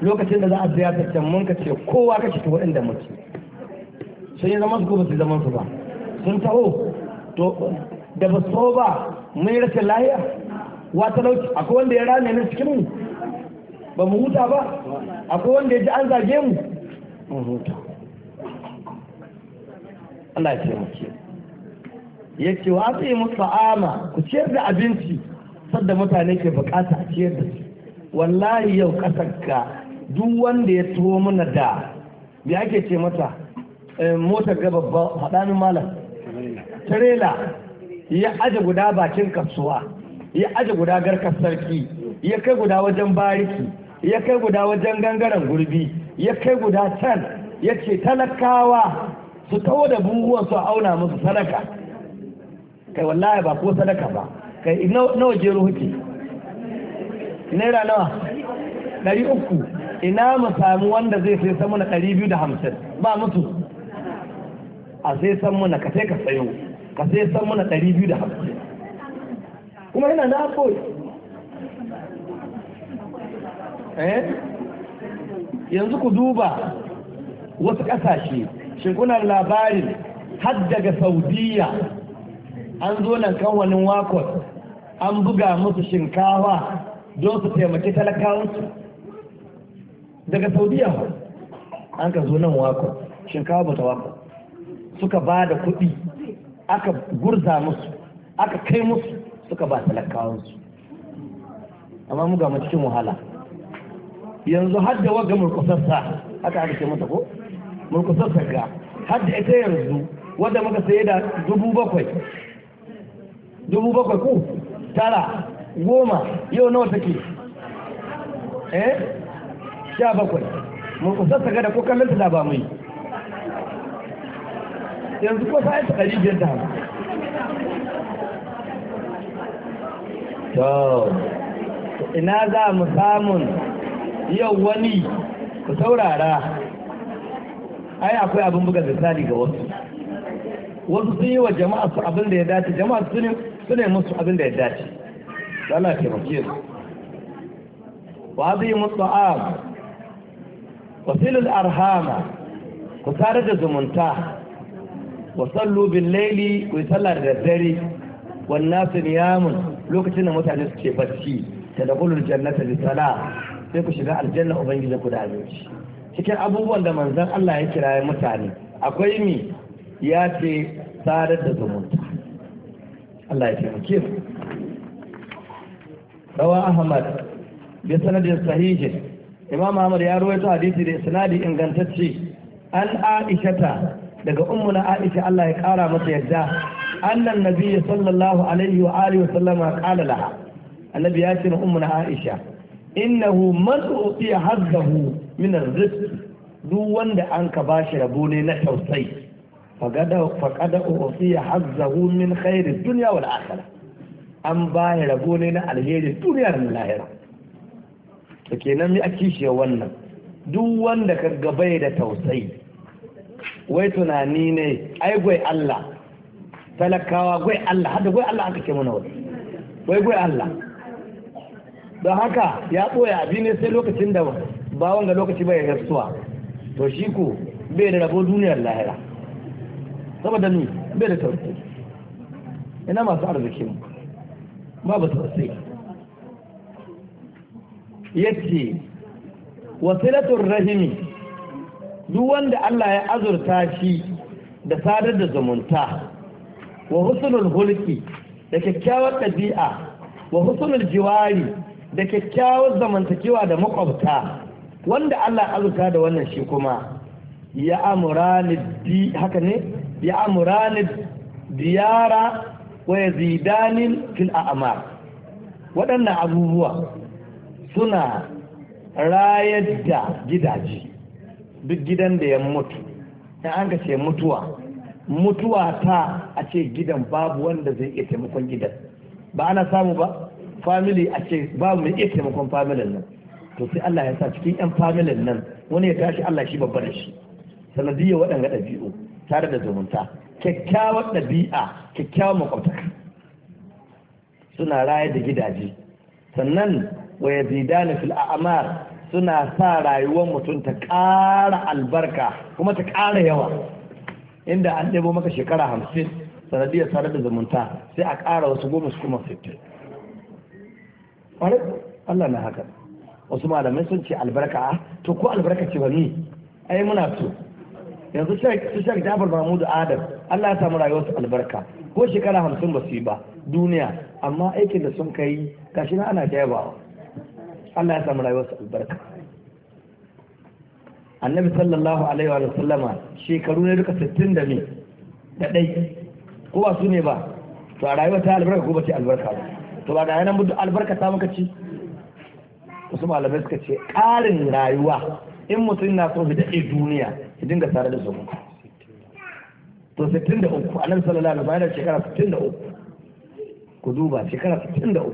lokacin da za a ziyartar can mun ka ce kowa kashe ta waɗanda mutu sun yi zaman su ko ba su zaman su ba sun taho da ba so ba mai rasa lahiya Wata lauki akwai wanda ya rame na cikin mu ba mu huta ba akwai wanda ya ji an zage mu mun huta Allah ya ce mu ce ya ce wa su yi musu ama ku ciyar da abinci sadda mutane ke bukata a ciyar da su wallahi yau kasar ka duk wanda ya tuwo mana da me ake ce mata eh, motar gaba ba haɗanin malam tirela ya aje guda bakin kasuwa ya aje guda garkar sarki ya kai guda wajen bariki ya kai guda wajen gangaren gurbi ya kai guda can ya ce talakawa su taho da buhuwan su auna musu sadaka kai wallahi ba ko sadaka ba kai nawa jero huke naira nawa ɗari uku ina mu samu wanda zai sai samu na ɗari biyu da hamsin ba mutu a sai samu na ka sai ka sayo ka sai san mana ɗari biyu da hamsin kuma yana na koyi eh yanzu ku duba wasu ƙasashe shin kuna labarin har daga saudiya an zo nan kan wani wakon an buga musu shinkawa don su taimaki talakawansu daga saudiya an ka zo nan wakon shinkawa ba ta wakon suka ba da kuɗi aka gurza musu aka kai musu suka ba talakawansu amma mu ga mu cikin wahala yanzu har da waga murkusarsa aka aka ce mata ko murkusarsa ga har da ita yanzu wadda muka saye da dubu bakwai dubu bakwai ko tara goma yau nawa take eh sha bakwai murkusarsa ga da ko kallon da ba mai yanzu ko sai ta ɗari biyar da hamsin to ina za mu samun yau wani ku saurara ai akwai abin buga misali ga wasu wasu sun yi wa jama'a su abin da ya dace jama'a su ne su ne musu abin da ya dace Allah ke mafi su wa zai musu am wasilul arhama ku tare da zumunta wa sallu bin laili ku yi sallah da daddare wan nasu niyamun lokacin da mutane suke bacci ta da kulul jannata bi sala sai ku shiga aljanna ubangiji ku da aminci cikin abubuwan da manzan Allah ya kira mutane akwai mi ya ce sadar da zumunta Allah ya taimake mu rawa ahmad bi sanadin sahihin imam ahmad ya rawaito hadisi da sinadi ingantacce an aishata daga ummu na aisha Allah ya kara mata yadda annan nabiyyi sallallahu alaihi wa alihi wa sallama qala laha annabi ya ce ummu na aisha innahu man utiya hazzahu min ar-rizq duk wanda an ka bashi rabo ne na tausayi fagada faqada utiya hazzahu min ad dunya wal akhirah an baya rabo ne na alheri duniya da lahira to kenan mi a kishiyar wannan duk wanda ka gabai da tausayi wai tunani ne ai gwai Allah talakawa gwai Allah hada gwai Allah aka ce mana wani wai gwai Allah don haka ya ɓoye abi ne sai lokacin da ba wanga lokaci bai rasuwa to shi ku bai da rabo duniyar lahira saboda ni bai da tausayi ina masu arziki mu ba tausayi yace wasilatul rahimi duk wanda Allah ya azurta shi da sadar da zumunta wa husnul hulki da kyakkyawar ɗabi'a wa husnul jiwari da kyakkyawar zamantakewa da makwabta wanda Allah azurta da wannan shi kuma ya ni bi haka ne ya ni diyara wa yazidanin fil a'mar waɗannan abubuwa suna rayar da gidaje duk gidan da ya mutu ya an ce mutuwa mutuwa ta a ce gidan babu wanda zai iya taimakon gidan ba ana samu ba family a ce babu mai iya taimakon familin nan to sai Allah ya sa cikin yan familin nan wani ya tashi Allah shi babbar da shi sanadiyar waɗanda ɗabi'u tare da zumunta kyakkyawar ɗabi'a kyakkyawar makwabta suna raya da gidaje sannan wa yazidana fil a'mar suna sa rayuwar mutum ta ƙara albarka kuma ta ƙara yawa inda an ɗebo maka shekara hamsin sanadiyar tare da zumunta sai a ƙara wasu goma su kuma sittin Allah na haka wasu malamai sun ce albarka to ko albarka ce wani ai muna so yanzu su shek jabar mahmudu adam Allah ya samu su albarka ko shekara hamsin ba su yi ba duniya amma aikin da sun kai gashi na ana jayabawa Allah ya samu rayuwarsa albarka annabi sallallahu alaihi wa sallama shekaru ne duka 60 da me da dai ko ba su ne ba to a rayuwa ta albarka ko ba ce albarka ba to ba ga yanan mutu albarka ta muka ci wasu malamai suka ce ƙarin rayuwa in mutum na so su daɗe duniya su dinga tare da zuwa to 63 annabi sallallahu alaihi wa sallam shekara 63 ku duba shekara 63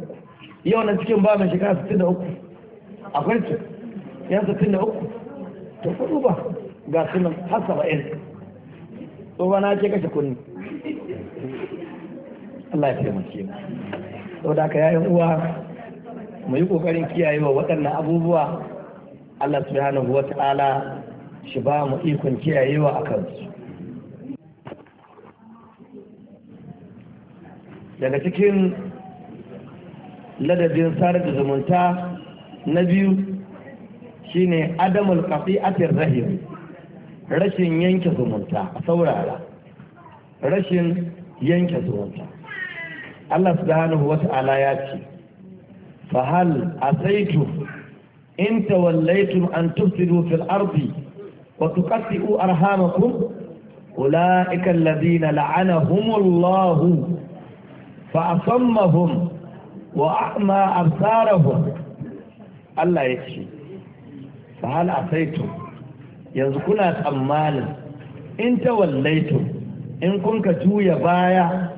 yau na cikin babin shekara 63 a farki yan sittin da uku to kudu ba ga sunan har saba'in ba na ce kashe kunni Allah ya taimake mu da aka yayin uwa mu yi kokarin kiyaye wa waɗannan abubuwa Allah subhanahu wa ta'ala shi ba mu ikon kiyayewa a kansu daga cikin ladabin sarar da zumunta na biyu shine adamul qati'atir rahim rashin yanke zumunta a saurara rashin yanke zumunta Allah subhanahu wata'ala ya ce fa asaitu in tawallaitum an tufsidu fil ardi wa tuqatti'u arhamakum ulaika alladhina la'anahumullahu fa asammahum wa a'ma absarahum Allah ya ce fahal asaitu yanzu kuna tsammanin in ta wallaito in kun ka juya baya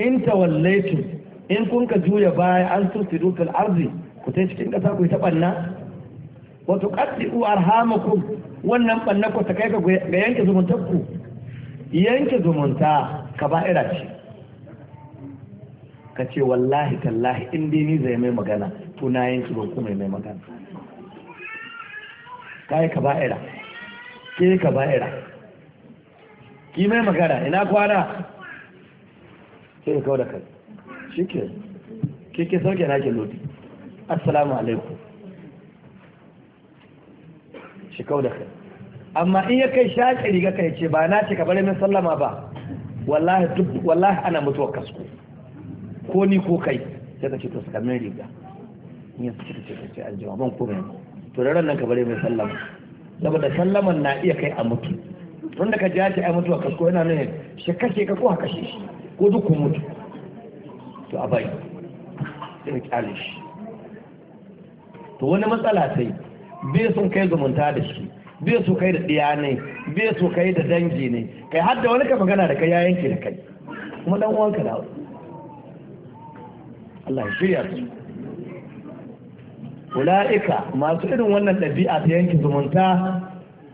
in tawallaitu in kun ka juya baya an tusidu fil arzi ku ta cikin ƙasa ku yi ta ɓanna wato qaddu arhamakum wannan ɓanna ku ta kai ga yanke ku yanke zumunta ka ba'ira ce ka ce wallahi tallahi in dai ni zai mai magana na yanki ban kuma mai magana ka yi ka ba'ira ke ka ba'ira ki mai magana ina kwana sai ka kawo da kai shi ke ke ke sauke na ke lodi assalamu alaikum shi kawo da kai amma in ya kai shaƙi riga kai ce ba na ce ka bari min sallama ba wallahi ana mutuwar kasko ko ni ko kai sai ka ce to saka min riga in ya suke ce ce aljima ban kome to da nan ka bare mai sallama saboda sallaman na iya kai a mutu tun da ka ji ta ai mutuwa kasko yana nuna shi kashe ka ko kashe shi ko duk ku mutu to a bai sai ka kyale shi to wani matsala sai bai sun kai zumunta da shi bai su kai da ɗiya ne bai su kai da dangi ne kai har da wani ka magana da kai ya yanke da kai kuma dan uwanka da Allah ya shirya su ula'ika masu irin wannan ɗabi'a ta yanki zumunta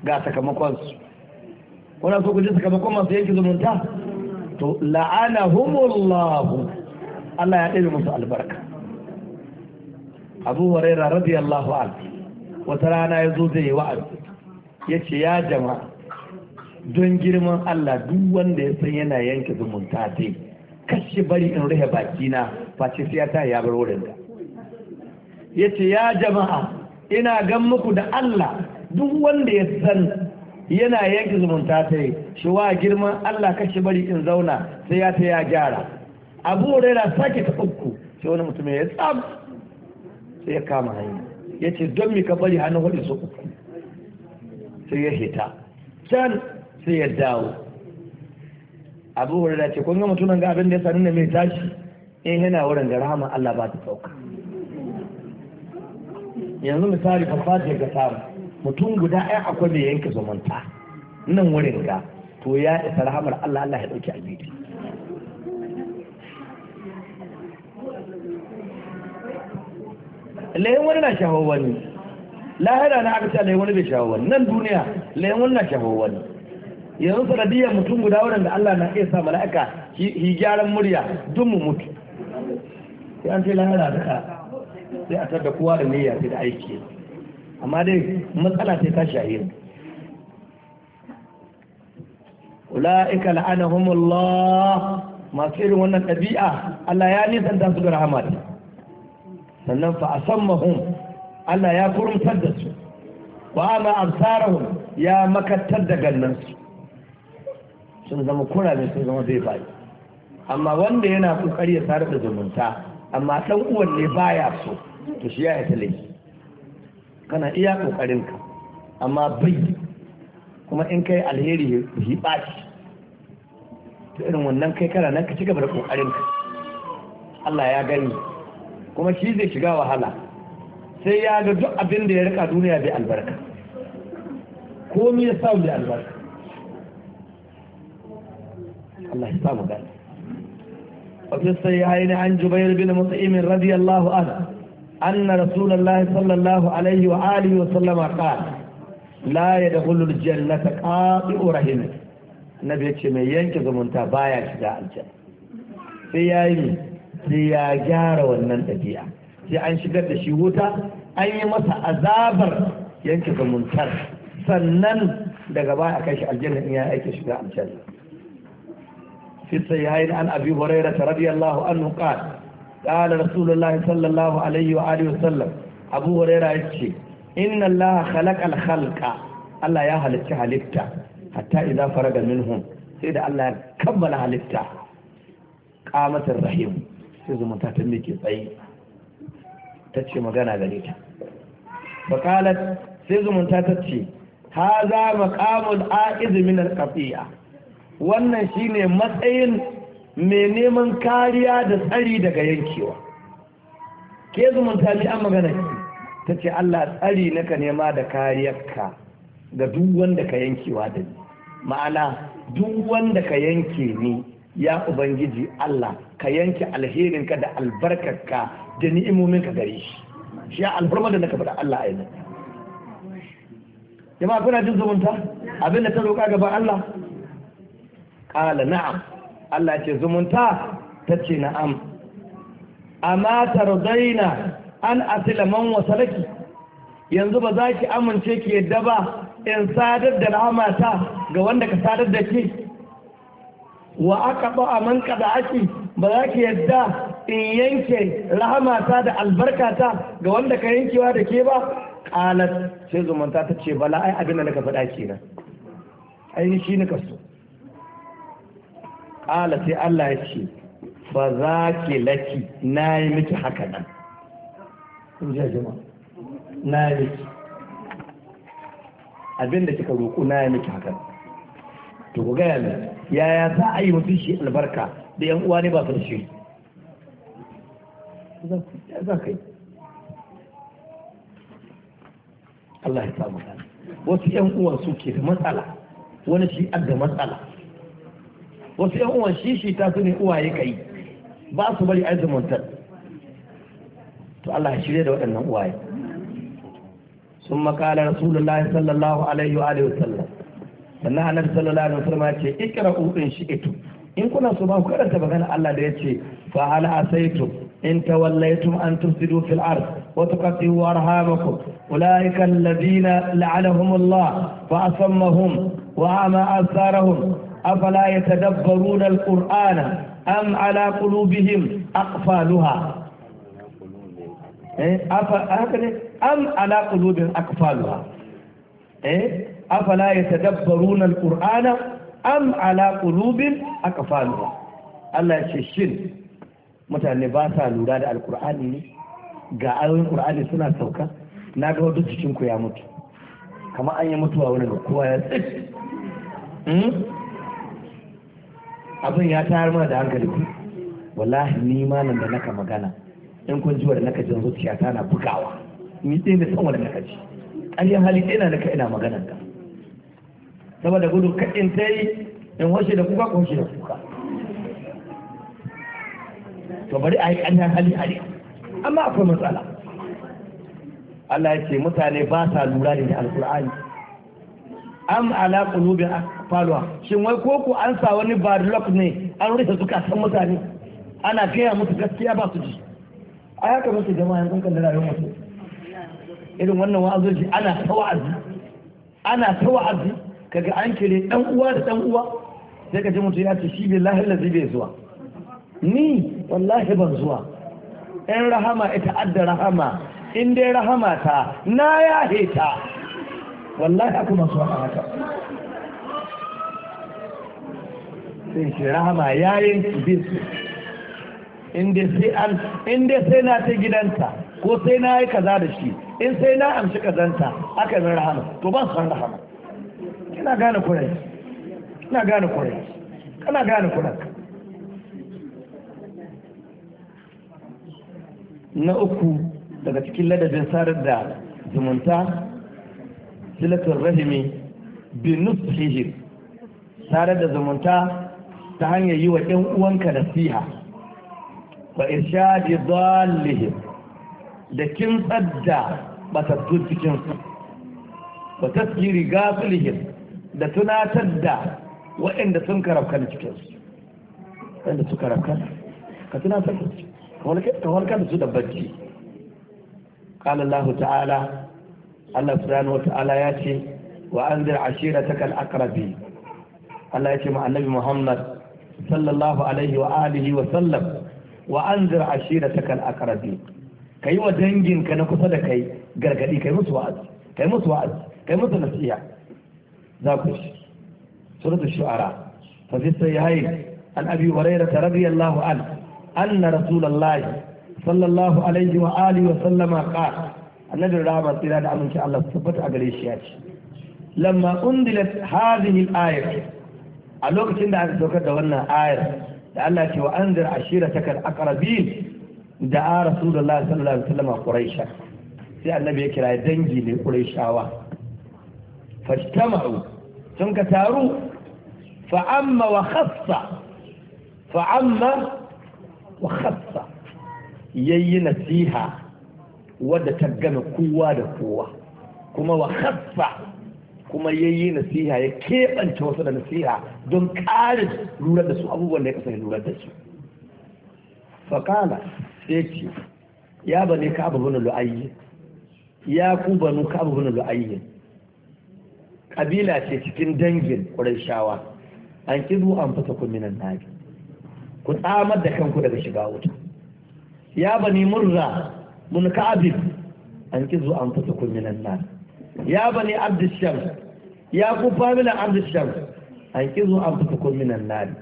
ga sakamakonsu kuna so ku sakamakon masu yanki zumunta to la'ana humullahu Allah ya ɗaya musu albarka abu huraira radiyallahu an wata rana ya zo zai yi wa'azi ya ce ya jama'a don girman Allah duk wanda ya san yana yanke zumunta dai kashi bari in rufe bakina face sai ya ta ya bar wurin da ya ce ya jama'a ina gan muku da Allah duk wanda ya san yana yanke zumunta ta yi shi wa girman Allah kashi bari in zauna sai ya ta ya gyara abu raira sake ta uku sai wani mutum ya tsab sai ya kama hanyar ya ce don mi ka bari hannun hudu su uku sai ya hita can sai ya dawo abu raira ce kun ga mutumin ga abin da ya sanu na mai tashi in eh, yana wurin ga rahama Allah ba ta sauka yanzu misali farfajiyar ga samu mutum guda ɗaya akwai mai yanke zumunta nan wurin ga to ya isa rahamar Allah Allah ya ɗauki albidi layin wani na shaho wani lahira na aka ce layin wani bai shaho wani nan duniya layin wani na shaho wani yanzu sanadiyar mutum guda wurin da Allah na iya sa mala'ika gyaran murya dun mu mutu sai an ce lahira da sai a tarda kowa da niyya sai da aiki amma dai matsala sai ta shahira ula'ika la'anahumullah masu irin wannan ɗabi'a Allah ya da su da rahama sannan fa asammahum Allah ya kurumtar da su wa ama absarahum ya makattar da gannan su sun zama kura ne sun zama zai bai amma wanda yana kokari ya sarar da zumunta amma ɗan uwan ne baya so to shi ya haita laifi kana iya ka amma bai kuma in kai alheri yi ɓaci ta irin wannan kai kana nan ka ci gaba da ka Allah ya gani kuma shi zai shiga wahala sai ya ga duk abin da ya rika duniya bai albarka komi ya samu bai albarka Allah ya samu gani wajen sai ya yi na an jubayar bin mutu'imin radiyallahu anhu أن رسول الله صلى الله عليه وآله وسلم قال لا يدخل الجنة قاطع رحمه النبي يقول ينكز من تبايا شداء الجنة sai ya yi sai ya gyara wannan ɗabi'a sai an shigar da shi wuta an yi masa azabar yanke zumuntar sannan daga baya a kai shi aljanna in ya aike shiga aljanna fi sayyahin an abi hurairah radiyallahu anhu قال رسول الله صلى الله عليه وآله وسلم أبو هريرة يتشي إن الله خلق الخلق الله يا هلتش هلتا حتى إذا فرق منهم سيدة الله كمل هلتا قامة الرحيم سيدة متاتميكي طيب تتشي مغانا ذلك فقالت سيدة متاتشي هذا مقام الآئذ من القطيئة wannan shine matsayin mai neman kariya da tsari daga yankewa ke zumunta ni an magana ki ta ce Allah tsari naka nema da kariyarka ga duk wanda ka yankewa da ni ma'ana duk wanda ka yanke ni ya ubangiji Allah ka yanke alherinka da albarkarka da ni'imominka gare shi shi alfarma da naka da Allah a jama'a kuna jin zumunta abinda ta roƙa gaban Allah Ƙala na'am Allah ce zumunta ta ce na'am amma tarzaina an asila man wasalaki yanzu ba za ki amince ki yadda ba in sadar da rahamata ga wanda ka sadar da ke wa aka ba a man kada aki ba za ki yadda in yanke rahamata da albarkata ga wanda ka yankewa da ke ba ƙalat sai zumunta ta ce bala ai abin da ka faɗa kenan ai shi ni kaso Ala sai Allah ya ce fa za ki laki na yi miki haka nan na yi miki abinda kika roƙo na yi miki haka to ku gaya mai yaya za a yi mutum shi albarka da yan uwa ne ba su shi za ka yi Allah ya samu wasu yan uwa su ke da matsala wani shi da matsala wasu yan uwan shishi ta su ne uwaye kai ba su bari arzimantar to Allah ya shirya da waɗannan uwaye sun makala rasulullahi sallallahu alaihi wa alihi wasallam sannan annabi sallallahu alaihi wasallam ya ce ikra'u in shi'tu in kuna so ba ku karanta magana Allah da yace fa hal asaitu in tawallaitum an tufsidu fil ard wa tuqtiu arhamakum ulaika alladhina la'anahum Allah fa asammahum wa ama asarahum أفلا يتدبرون القرآن أم على قلوبهم أقفالها أم على قلوبهم أقفالها أفلا يتدبرون القرآن أم على قلوب أقفالها Allah ya ce shin mutane ba sa lura da alkur'ani ne ga ayoyin alkur'ani suna sauka na ga wadda cikinku ya mutu kama an yi mutuwa wani da kowa ya tsaye abin ya tayar mana da hankali ku wallahi ni malam da naka magana in kun ji wa da naka jin zuciya ta na bugawa ni sai na san wa da naka ji ayyan hali ɗaya na naka ina maganar ka saboda gudun kaɗin ta yi in washe da kuka ko washe da kuka to bari a yi ƙanyan hali hali amma akwai matsala Allah ya ce mutane ba sa lura da alkur'ani am ala qulubin faruwa shin wai ko ku an sa wani luck ne an rufe san mutane ana gaya musu gaskiya ba su ji a haka musu jama'a yanzu kan da rayuwar musu irin wannan wa'azoji ana ta wa'azi ana ta wa'azi kaga an kire dan uwa da dan uwa sai ka ji mutum ya ce shi billahi lazi bai zuwa ni wallahi ban zuwa in rahama ita adda rahama in dai rahama ta na yahe ta wallahi aka masu haka sai shi rahama ya yanki bisu in dai sai na ta gidanta ko sai na yi kaza da shi in sai na amshi kazanta aka yi rahama to ba su san rahama kina gane kurai kina gane kurai kana gane kurai na uku daga cikin ladabin sarar da zumunta silatun rahimi bi nusfihim sarar da zumunta ta hanyar yi wa ɗan uwanka nasiha wa irshadi dallihim da kin tsadda batattun cikinsu wa tasgiri gafilihim da tunatar da waɗanda sun karafkan cikinsu waɗanda su karafkan ka tunatar da su ka warkar da su da bacci قال الله تعالى الله سبحانه وتعالى ياتي وأنذر عشيرتك الأقربين Allah ya ce ma annabi Muhammad sallallahu alaihi wa alihi wa sallam wa anzir ashirataka al-aqrabi kai wa danginka na kusa da kai gargadi kai musu wa'azi kai musu wa'azi kai musu nasiha za ku shi suratul shu'ara fa fi sahihayn an abi hurairah radiyallahu anhu anna sallallahu alaihi wa alihi wa sallama qala annabi tsira da aminci Allah tabbata a gare Lama ya ce lamma a lokacin da aka saukar da wannan ayar da Allah ce wa anzir ashirataka al-aqrabin da a rasulullahi sallallahu alaihi wasallam quraisha sai annabi ya kira dangi ne quraishawa fashtama'u sun ka taru fa amma wa khassa fa amma wa khassa yayi nasiha wadda ta gama kowa da kowa kuma wa khassa kuma ya yi nasiha ya keɓance wasu da nasiha don ƙarin lura da su abubuwan da ya kasa lura da su fakala sai ce ya bane ka abu bin lu'ayyi ya ku banu ka abu lu'ayi lu'ayyi kabila ce cikin dangin shawa. an kidu an fata ku minan nabi ku tsamar da kanku daga shiga wuta ya bani murra mun ka'abin an kidu an fata ku minan nabi ya bani abdishan ya ku famila abdishan an kizo an fita kun minan nari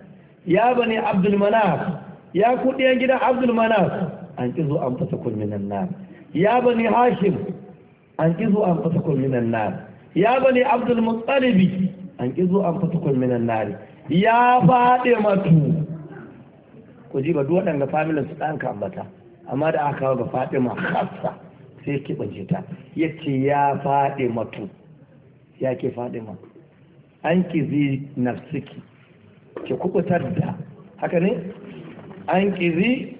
ya bani abdul manaf ya ku ɗiyan gidan abdul manaf an kizo an fita kun minan nari ya bani hashim an kizo an fita kun minan nari ya bani abdul mutsalibi an kizo an fita kun minan nari ya faɗe matu ku ji ba duk waɗanda familin su ɗan ambata amma da aka kawo ga faɗi ma hassa sai kiɓa ta ya ce ya faɗi matu ya ke faɗi ma an ki zi nafsiki ki kubutar da haka ne an ki zi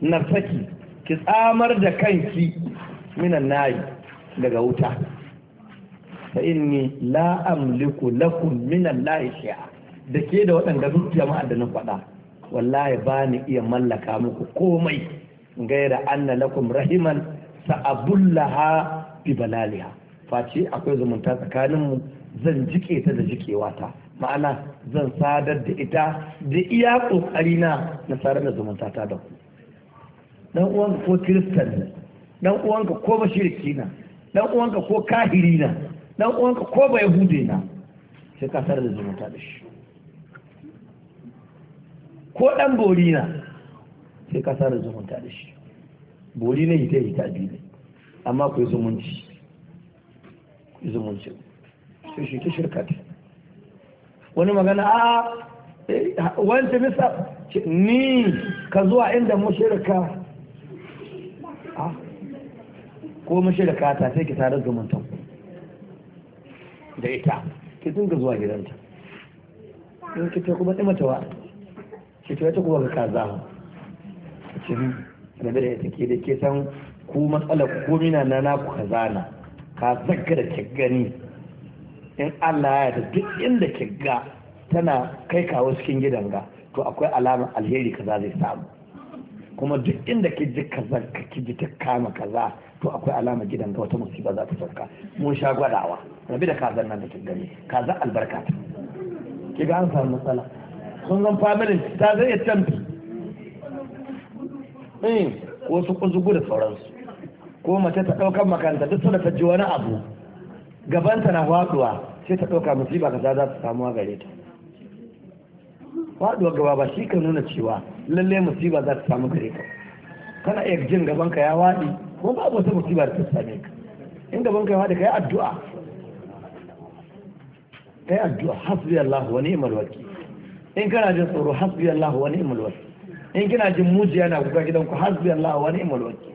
nafsaki ki tsamar da kanki minan nayi daga wuta fa inni la amliku lakum minan Allah shi'a da ke da waɗanda duk jama'a da na faɗa wallahi ba ni iya mallaka muku komai gaira anna lakum rahiman sa'abullaha bi balaliha face akwai zumunta tsakaninmu zan jike ta da jikewata ma'ana zan sadar da ita da iya ƙoƙarina na na sadar da zumunta ta da ku dan uwanka ko Kiristan ne dan uwanka ko mashirki na dan uwanka ko kahiri na dan uwanka ko ba yahude na sai ka sadar da zumunta da shi ko dan bori na sai ka sadar da zumunta da shi bori na ita ita biyu ne amma ku yi zumunci ku yi zumunci su shi ta shirka ta wani magana a eh, wancan misa ni ka zuwa inda a ah, ko shirka ta sai ki tare zumunta da ita ki dinga zuwa gidanta in ki ta kuma ɗi mata wa ki ta ta kuma ka kaza ce hmm. game da ya ke da ke san ku matsalar ko mina na naku kazana ka zakka da gani in Allah ya da duk inda ga tana kai kawo cikin gidan ga to akwai alamar alheri kaza zai samu kuma duk inda ki ji kaza ki ji ta kama kaza to akwai alama gidan ga wata musiba za ta sauka mun sha gwadawa rabi da kazan nan da kin gani kaza albarka ta ki ga an samu matsala sun zan familin ta zai ya tamfi ko su kuzugu da sauransu ko mace ta ɗaukar makaranta duk suna ta ji wani abu gabanta na faɗuwa sai ta ɗauka musiba ka za ta samuwa gare ta faɗuwa gaba ba shi ka nuna cewa lallai musiba za ta samu gare ka kana iya jin ka ya waɗi ko ba wata musiba da ta same ka in ka ya waɗi ka yi addu'a ka yi addu'a hasbi Allah wa ni'mal wakil in kana jin tsoro hasbi Allah wa ni'mal wakil in kina jin muji yana kuka ku hasbi Allah wa ni'mal wakil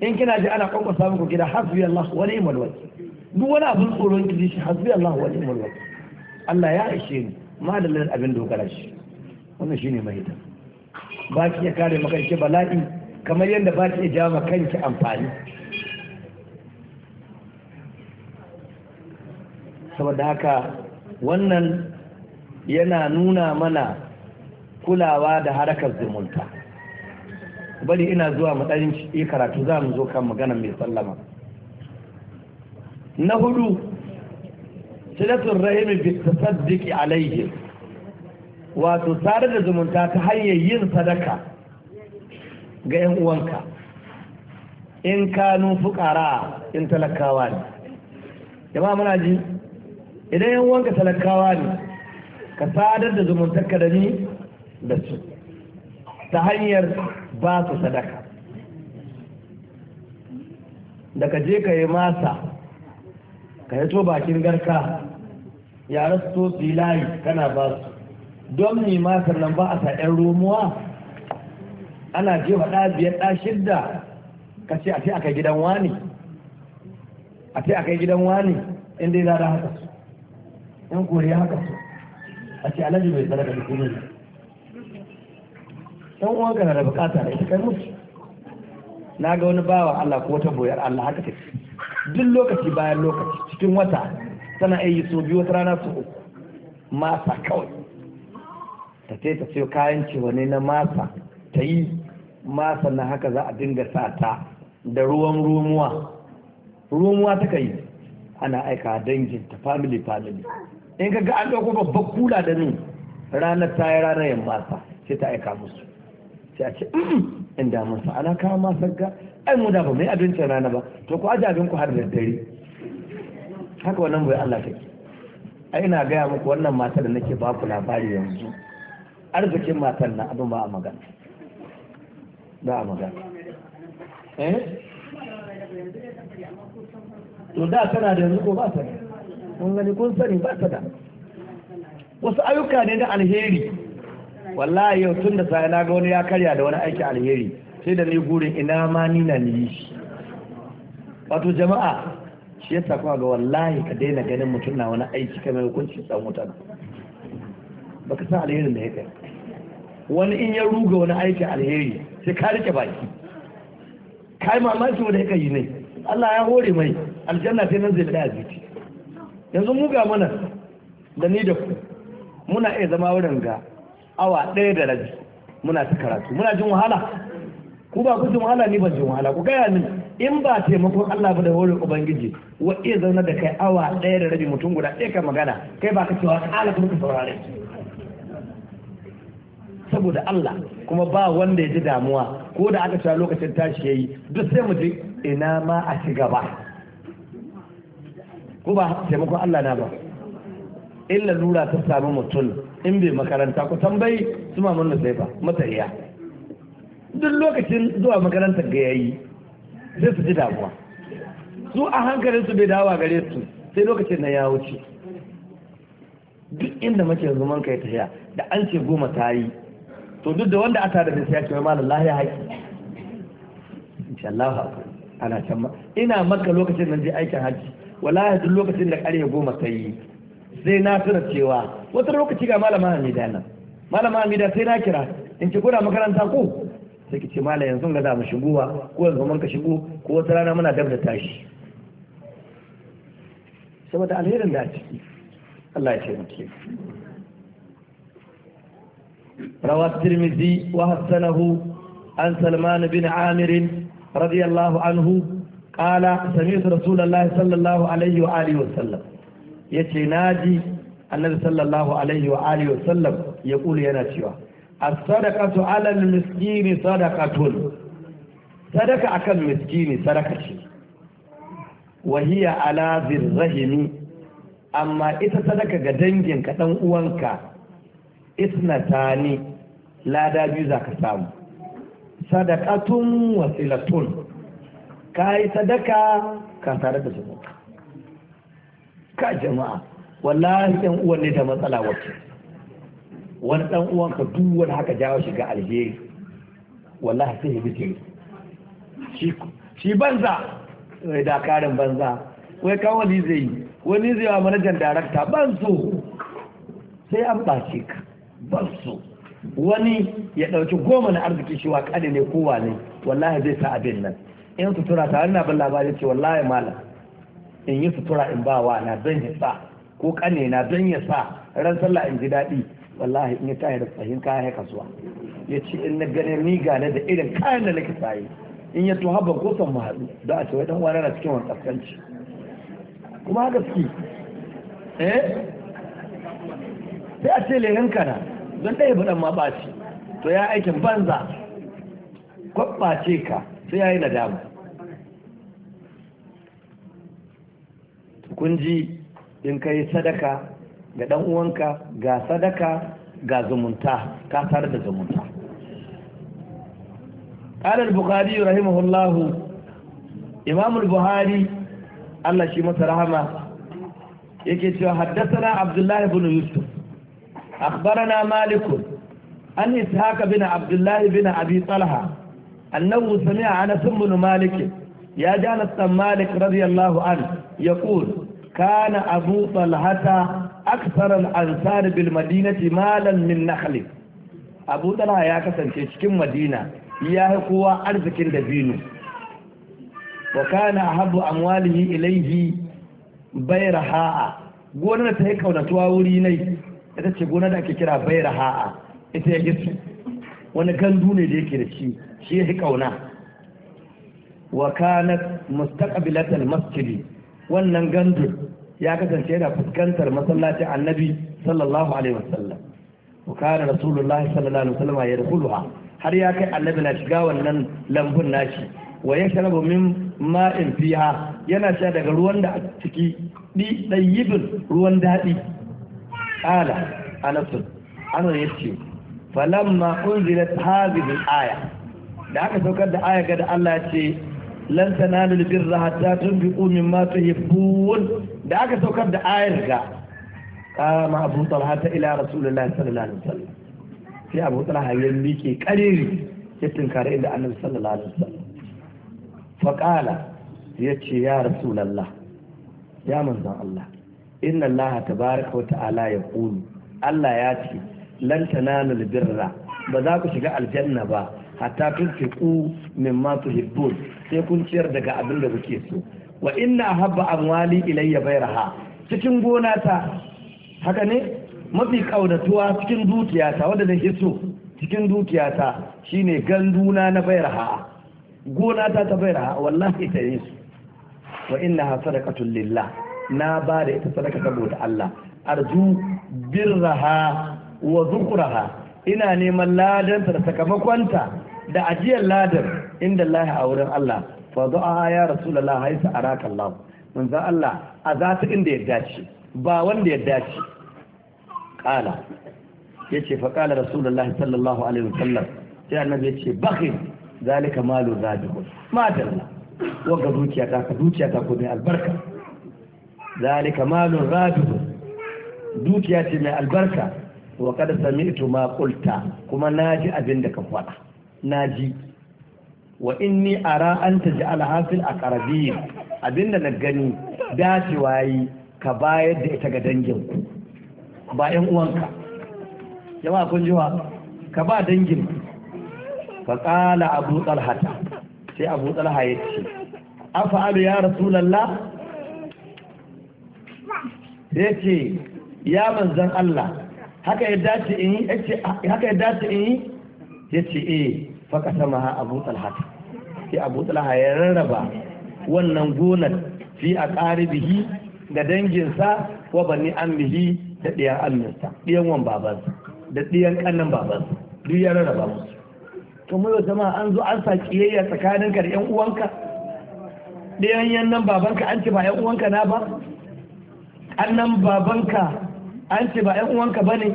in kina ji ana kwankwasa ku gida hasbi Allah wa ni'mal wakil duk wani abu tsoron ki shi hasbi Allah wa ni'mal wakil Allah ya ishe ni madallan abin dogara shi wannan shine mai ita ba ki ya kare maka ki bala'i kamar yadda ba ki ya ja maka kanki amfani saboda haka wannan yana nuna mana kulawa da harakar zumunta bari ina zuwa mu ɗan karatu za mu zo kan magana mai sallama na hudu silatun rahimi bi tasaddiqi alayhi wato tare da zumunta ta hanyar yin sadaka ga yan uwanka in kanu fukara in talakawa ne jama'a muna ji idan yan uwanka talakawa ne ka sadar da zumuntarka da ni da su ta hanyar ba su sadaka da ka je ka yi masa ka yi to bakin garka ya su to filayi kana ba su don ne masar nan ba a sa 'yan romuwa ana jefa ɗa biyar ɗa shidda ka ce a ce aka gidan wani a ce aka gidan wani inda za da haka su in koriya haka su a ce alaji bai sadaka da kuma don uwan na da bukata da ita kai na ga wani bawa Allah ko wata boyar Allah haka take duk lokaci bayan lokaci cikin wata tana iya yi so biyu wata rana su uku masa kawai ta ce ta ce kayan wani na masa ta yi masa na haka za a dinga sa ta da ruwan rumuwa rumuwa ta yi ana aika dangin ta family family in ka ga an ɗauko babbar kula da ni ranar ta yi ranar yamma sai ta aika musu sai a ce in da mun sa ana kawo ma sagga ai mu da ba mai abincin rana ba to ku aje abin ku har da dare haka wannan bai Allah take ai ina gaya muku wannan matar da nake ba ku labari yanzu arzikin matar na abin ba a magana ba a magana eh to da tana da yanzu ko ba ta da kun gani kun sani ba ta da wasu ayyuka ne na alheri wallahi yau tun da sa'ina na ga wani ya karya da wani aiki alheri sai da ni gurin ina ma ni na ni wato jama'a shi yasa kuma ga wallahi ka daina ganin mutum na wani aiki kamar hukunci dan Ba baka san alherin da ya kai wani in ya ruga wani aiki alheri sai ka rike baki kai mamaki wanda yake yi ne Allah ya hore mai aljanna sai nan zai da aziti yanzu mu ga mana da ni da ku muna iya zama wurin ga awa ɗaya da rabi muna ta karatu muna jin wahala ku ba ku jin wahala ni ban jin wahala ku gaya min in ba taimakon Allah ba da horin ubangiji wa iya zauna da kai awa ɗaya da rabi mutum guda ɗaya ka magana kai ba ka cewa ala ka saurare saboda Allah kuma ba wanda ya ji damuwa ko da aka cewa lokacin tashi yayi duk sai mu ji ina ma a ci gaba ku ba taimakon Allah na ba illa lura ta samu mutum in bai makaranta ku tambayi su ma sai ba matsariya duk lokacin zuwa makarantar ga yayi sai su ji damuwa su a hankalin su bai dawa gare su sai lokacin na ya wuce duk inda mace zaman kai tafiya da an ce goma ta yi to duk da wanda aka da sai ya ce malam lahiya haƙi insha Allah ana can ina maka lokacin nan je aikin haji wallahi duk lokacin da ƙarfe goma ta yi sai na tuna cewa wata lokaci ga malama Amida nan malama Amida sai na kira in ki kuna makaranta ko sai ki ce mala yanzu ga za mu shigowa ko yanzu mun ka shigo ko wata rana muna dab da tashi saboda alherin da a ciki Allah ya taimake روى الترمذي وحسنه عن سلمان بن عامر رضي الله عنه قال سمعت رسول الله صلى الله عليه وآله وسلم ya ce na ji annabi sallallahu alaihi wa alihi wa sallam ya kula yana cewa as-sadaqatu 'ala al-miskini sadaqatun sadaka akan miskini sadaka ce wa hiya 'ala dhirrahimi amma ita sadaka ga danginka dan uwanka isnatani lada biyu za ka samu sadaqatun wasilatun kai sadaka ka tare da su ka jama'a wallahi ɗan uwan ne da matsala wacce wani ɗan uwan ka duk wani haka jawo shiga aljeri wallahi sai ya bi shi banza wai karin banza wai wani zai yi wani zai wa manajan darakta ban sai an ɓace ka ban wani ya ɗauki goma na arziki shi wa ne kowa ne wallahi zai sa abin nan in sutura tare na ban labarin ce wallahi malam in yi sutura in ba wa na don ya sa ko kane na don ya sa ran sallah in ji daɗi wallahi in ya tahi da sahin kayan ya kasuwa ya ce in na gane ni gane da irin kayan da nake sayi in ya tuha ban kusan mu haɗu da a ce wai dan wani na cikin wani kaskanci kuma haka suke eh sai a ce lehin kana don ɗaya buɗan ma ɓaci to ya aikin banza kwaɓɓace ka sai ya yi nadama kun ji in ka yi sadaka ga ɗan uwanka ga sadaka ga zumunta ka tare da zumunta ƙalar البخاري رحمه الله إمام البخاري الله شي masa rahama yake cewa na Abdullahi bin Yusuf akhbarana malikun. an haka bin Abdullahi bin Abi Talha annahu a Anas bin malikin ya ji Anas bin Malik radiyallahu ya yaqul kana abu talhata aksar al-ansar bil madinati malan min nakhl ya kasance cikin madina ya yi kowa arzikin dabino wa kana ahabbu amwalihi ilayhi bayraha'a gonar ta yi kaunatuwa wuri ne ita ce gonar da ake kira bayraha'a ita ya wani gandu ne da yake da shi shi ya yi kauna wa kanat mustaqbilatal masjidi wannan gandun ya kasance yana fuskantar masallacin annabi sallallahu alaihi wasallam wa rasulullahi sallallahu alaihi wasallam ya dukuluha har ya kai annabi na shiga wannan lambun nashi wa ya sharabu min ma'in fiha yana sha daga ruwan da ciki di dayyibin ruwan dadi ala anas anas yace falamma unzilat hadhihi al-aya da aka saukar da aya ga da Allah ya ce lan tanalul birra hatta tunfiqu mimma tuhibbun da aka saukar da ayar ga kama Abu Talha ta ila Rasulullah sallallahu alaihi wasallam sai Abu Talha ya miƙe kariri ya tunkare inda Annabi sallallahu alaihi wasallam fa qala yace ya Rasulullah ya manzon Allah inna Allah tabaraka wa ta'ala ya qulu Allah ya ce lan tanalul birra ba za ku shiga aljanna ba hatta tunfiqu mimma tuhibbun sai kun ciyar daga abin da kuke so wa inna habba amwali ilayya bayraha cikin gona ta haka ne mafi kaunatuwa cikin dukiyata wanda da hiso cikin dukiyata shine ganduna na bayraha gona ta ta bayraha wallahi ta yi su wa inna ha sadaqatul lillah na ba da ita sadaka saboda Allah arju birraha wa zukraha ina neman ladanta da sakamakonta da ajiyar Ladan. inda Allah a wurin Allah fa du'a ya rasulullah haisa araka Allah manzo Allah a za zata inda ya dace ba wanda ya dace kala yace fa kala rasulullah sallallahu alaihi wasallam sai annabi yace bakhil zalika malu zabiqun ma dalla wagga dukiya ta ka dukiya ta ko mai albarka zalika malu zabiqun dukiya ce mai albarka wa kada sami'tu ma qulta kuma naji abin da ka faɗa naji wa inni ara an taj'al hafil aqrabin abinda na gani dacewa yi ka bayar da ita ga dangin ku ba yan uwanka jama'a kun jiwa ka ba dangin ku fa qala abu talha sai abu talha ya ce afa'alu ya rasulullah Ya ce ya manzan Allah haka ya dace in yi haka ya dace in yi yace eh faka sama ha abu talha sai abu talha ya rarraba wannan gonar fi a bihi ga danginsa wa bani ammihi da ɗiyan amminsa ɗiyan wan babansa da ɗiyan ƙannan babansa duk ya rarraba musu to mu yau jama'a an zo an sa kiyayya tsakaninka da ƴan uwanka ɗiyan yannan babanka an ce ba ƴan uwanka na ba ƙannan babanka an ce ba ƴan uwanka ba ne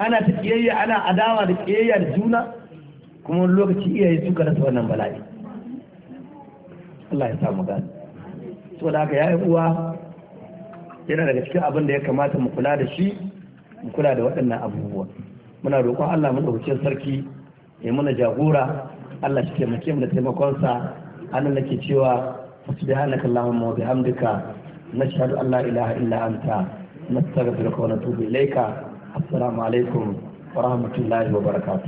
ana ta kiyayya ana adawa da kiyayya da juna kuma wani lokaci iyaye suka rasa wannan bala'i Allah ya samu gani da aka yayi uwa yana daga cikin abin da ya kamata mu kula da shi mu kula da waɗannan abubuwa muna roƙon Allah mu ɗauke sarki ya muna jagora Allah shi taimake mu da taimakonsa anan nake cewa subhanaka allahumma wa bihamdika nashhadu an la ilaha illa anta nastaghfiruka wa natubu ilayka assalamu alaikum wa rahmatullahi wa barakatu.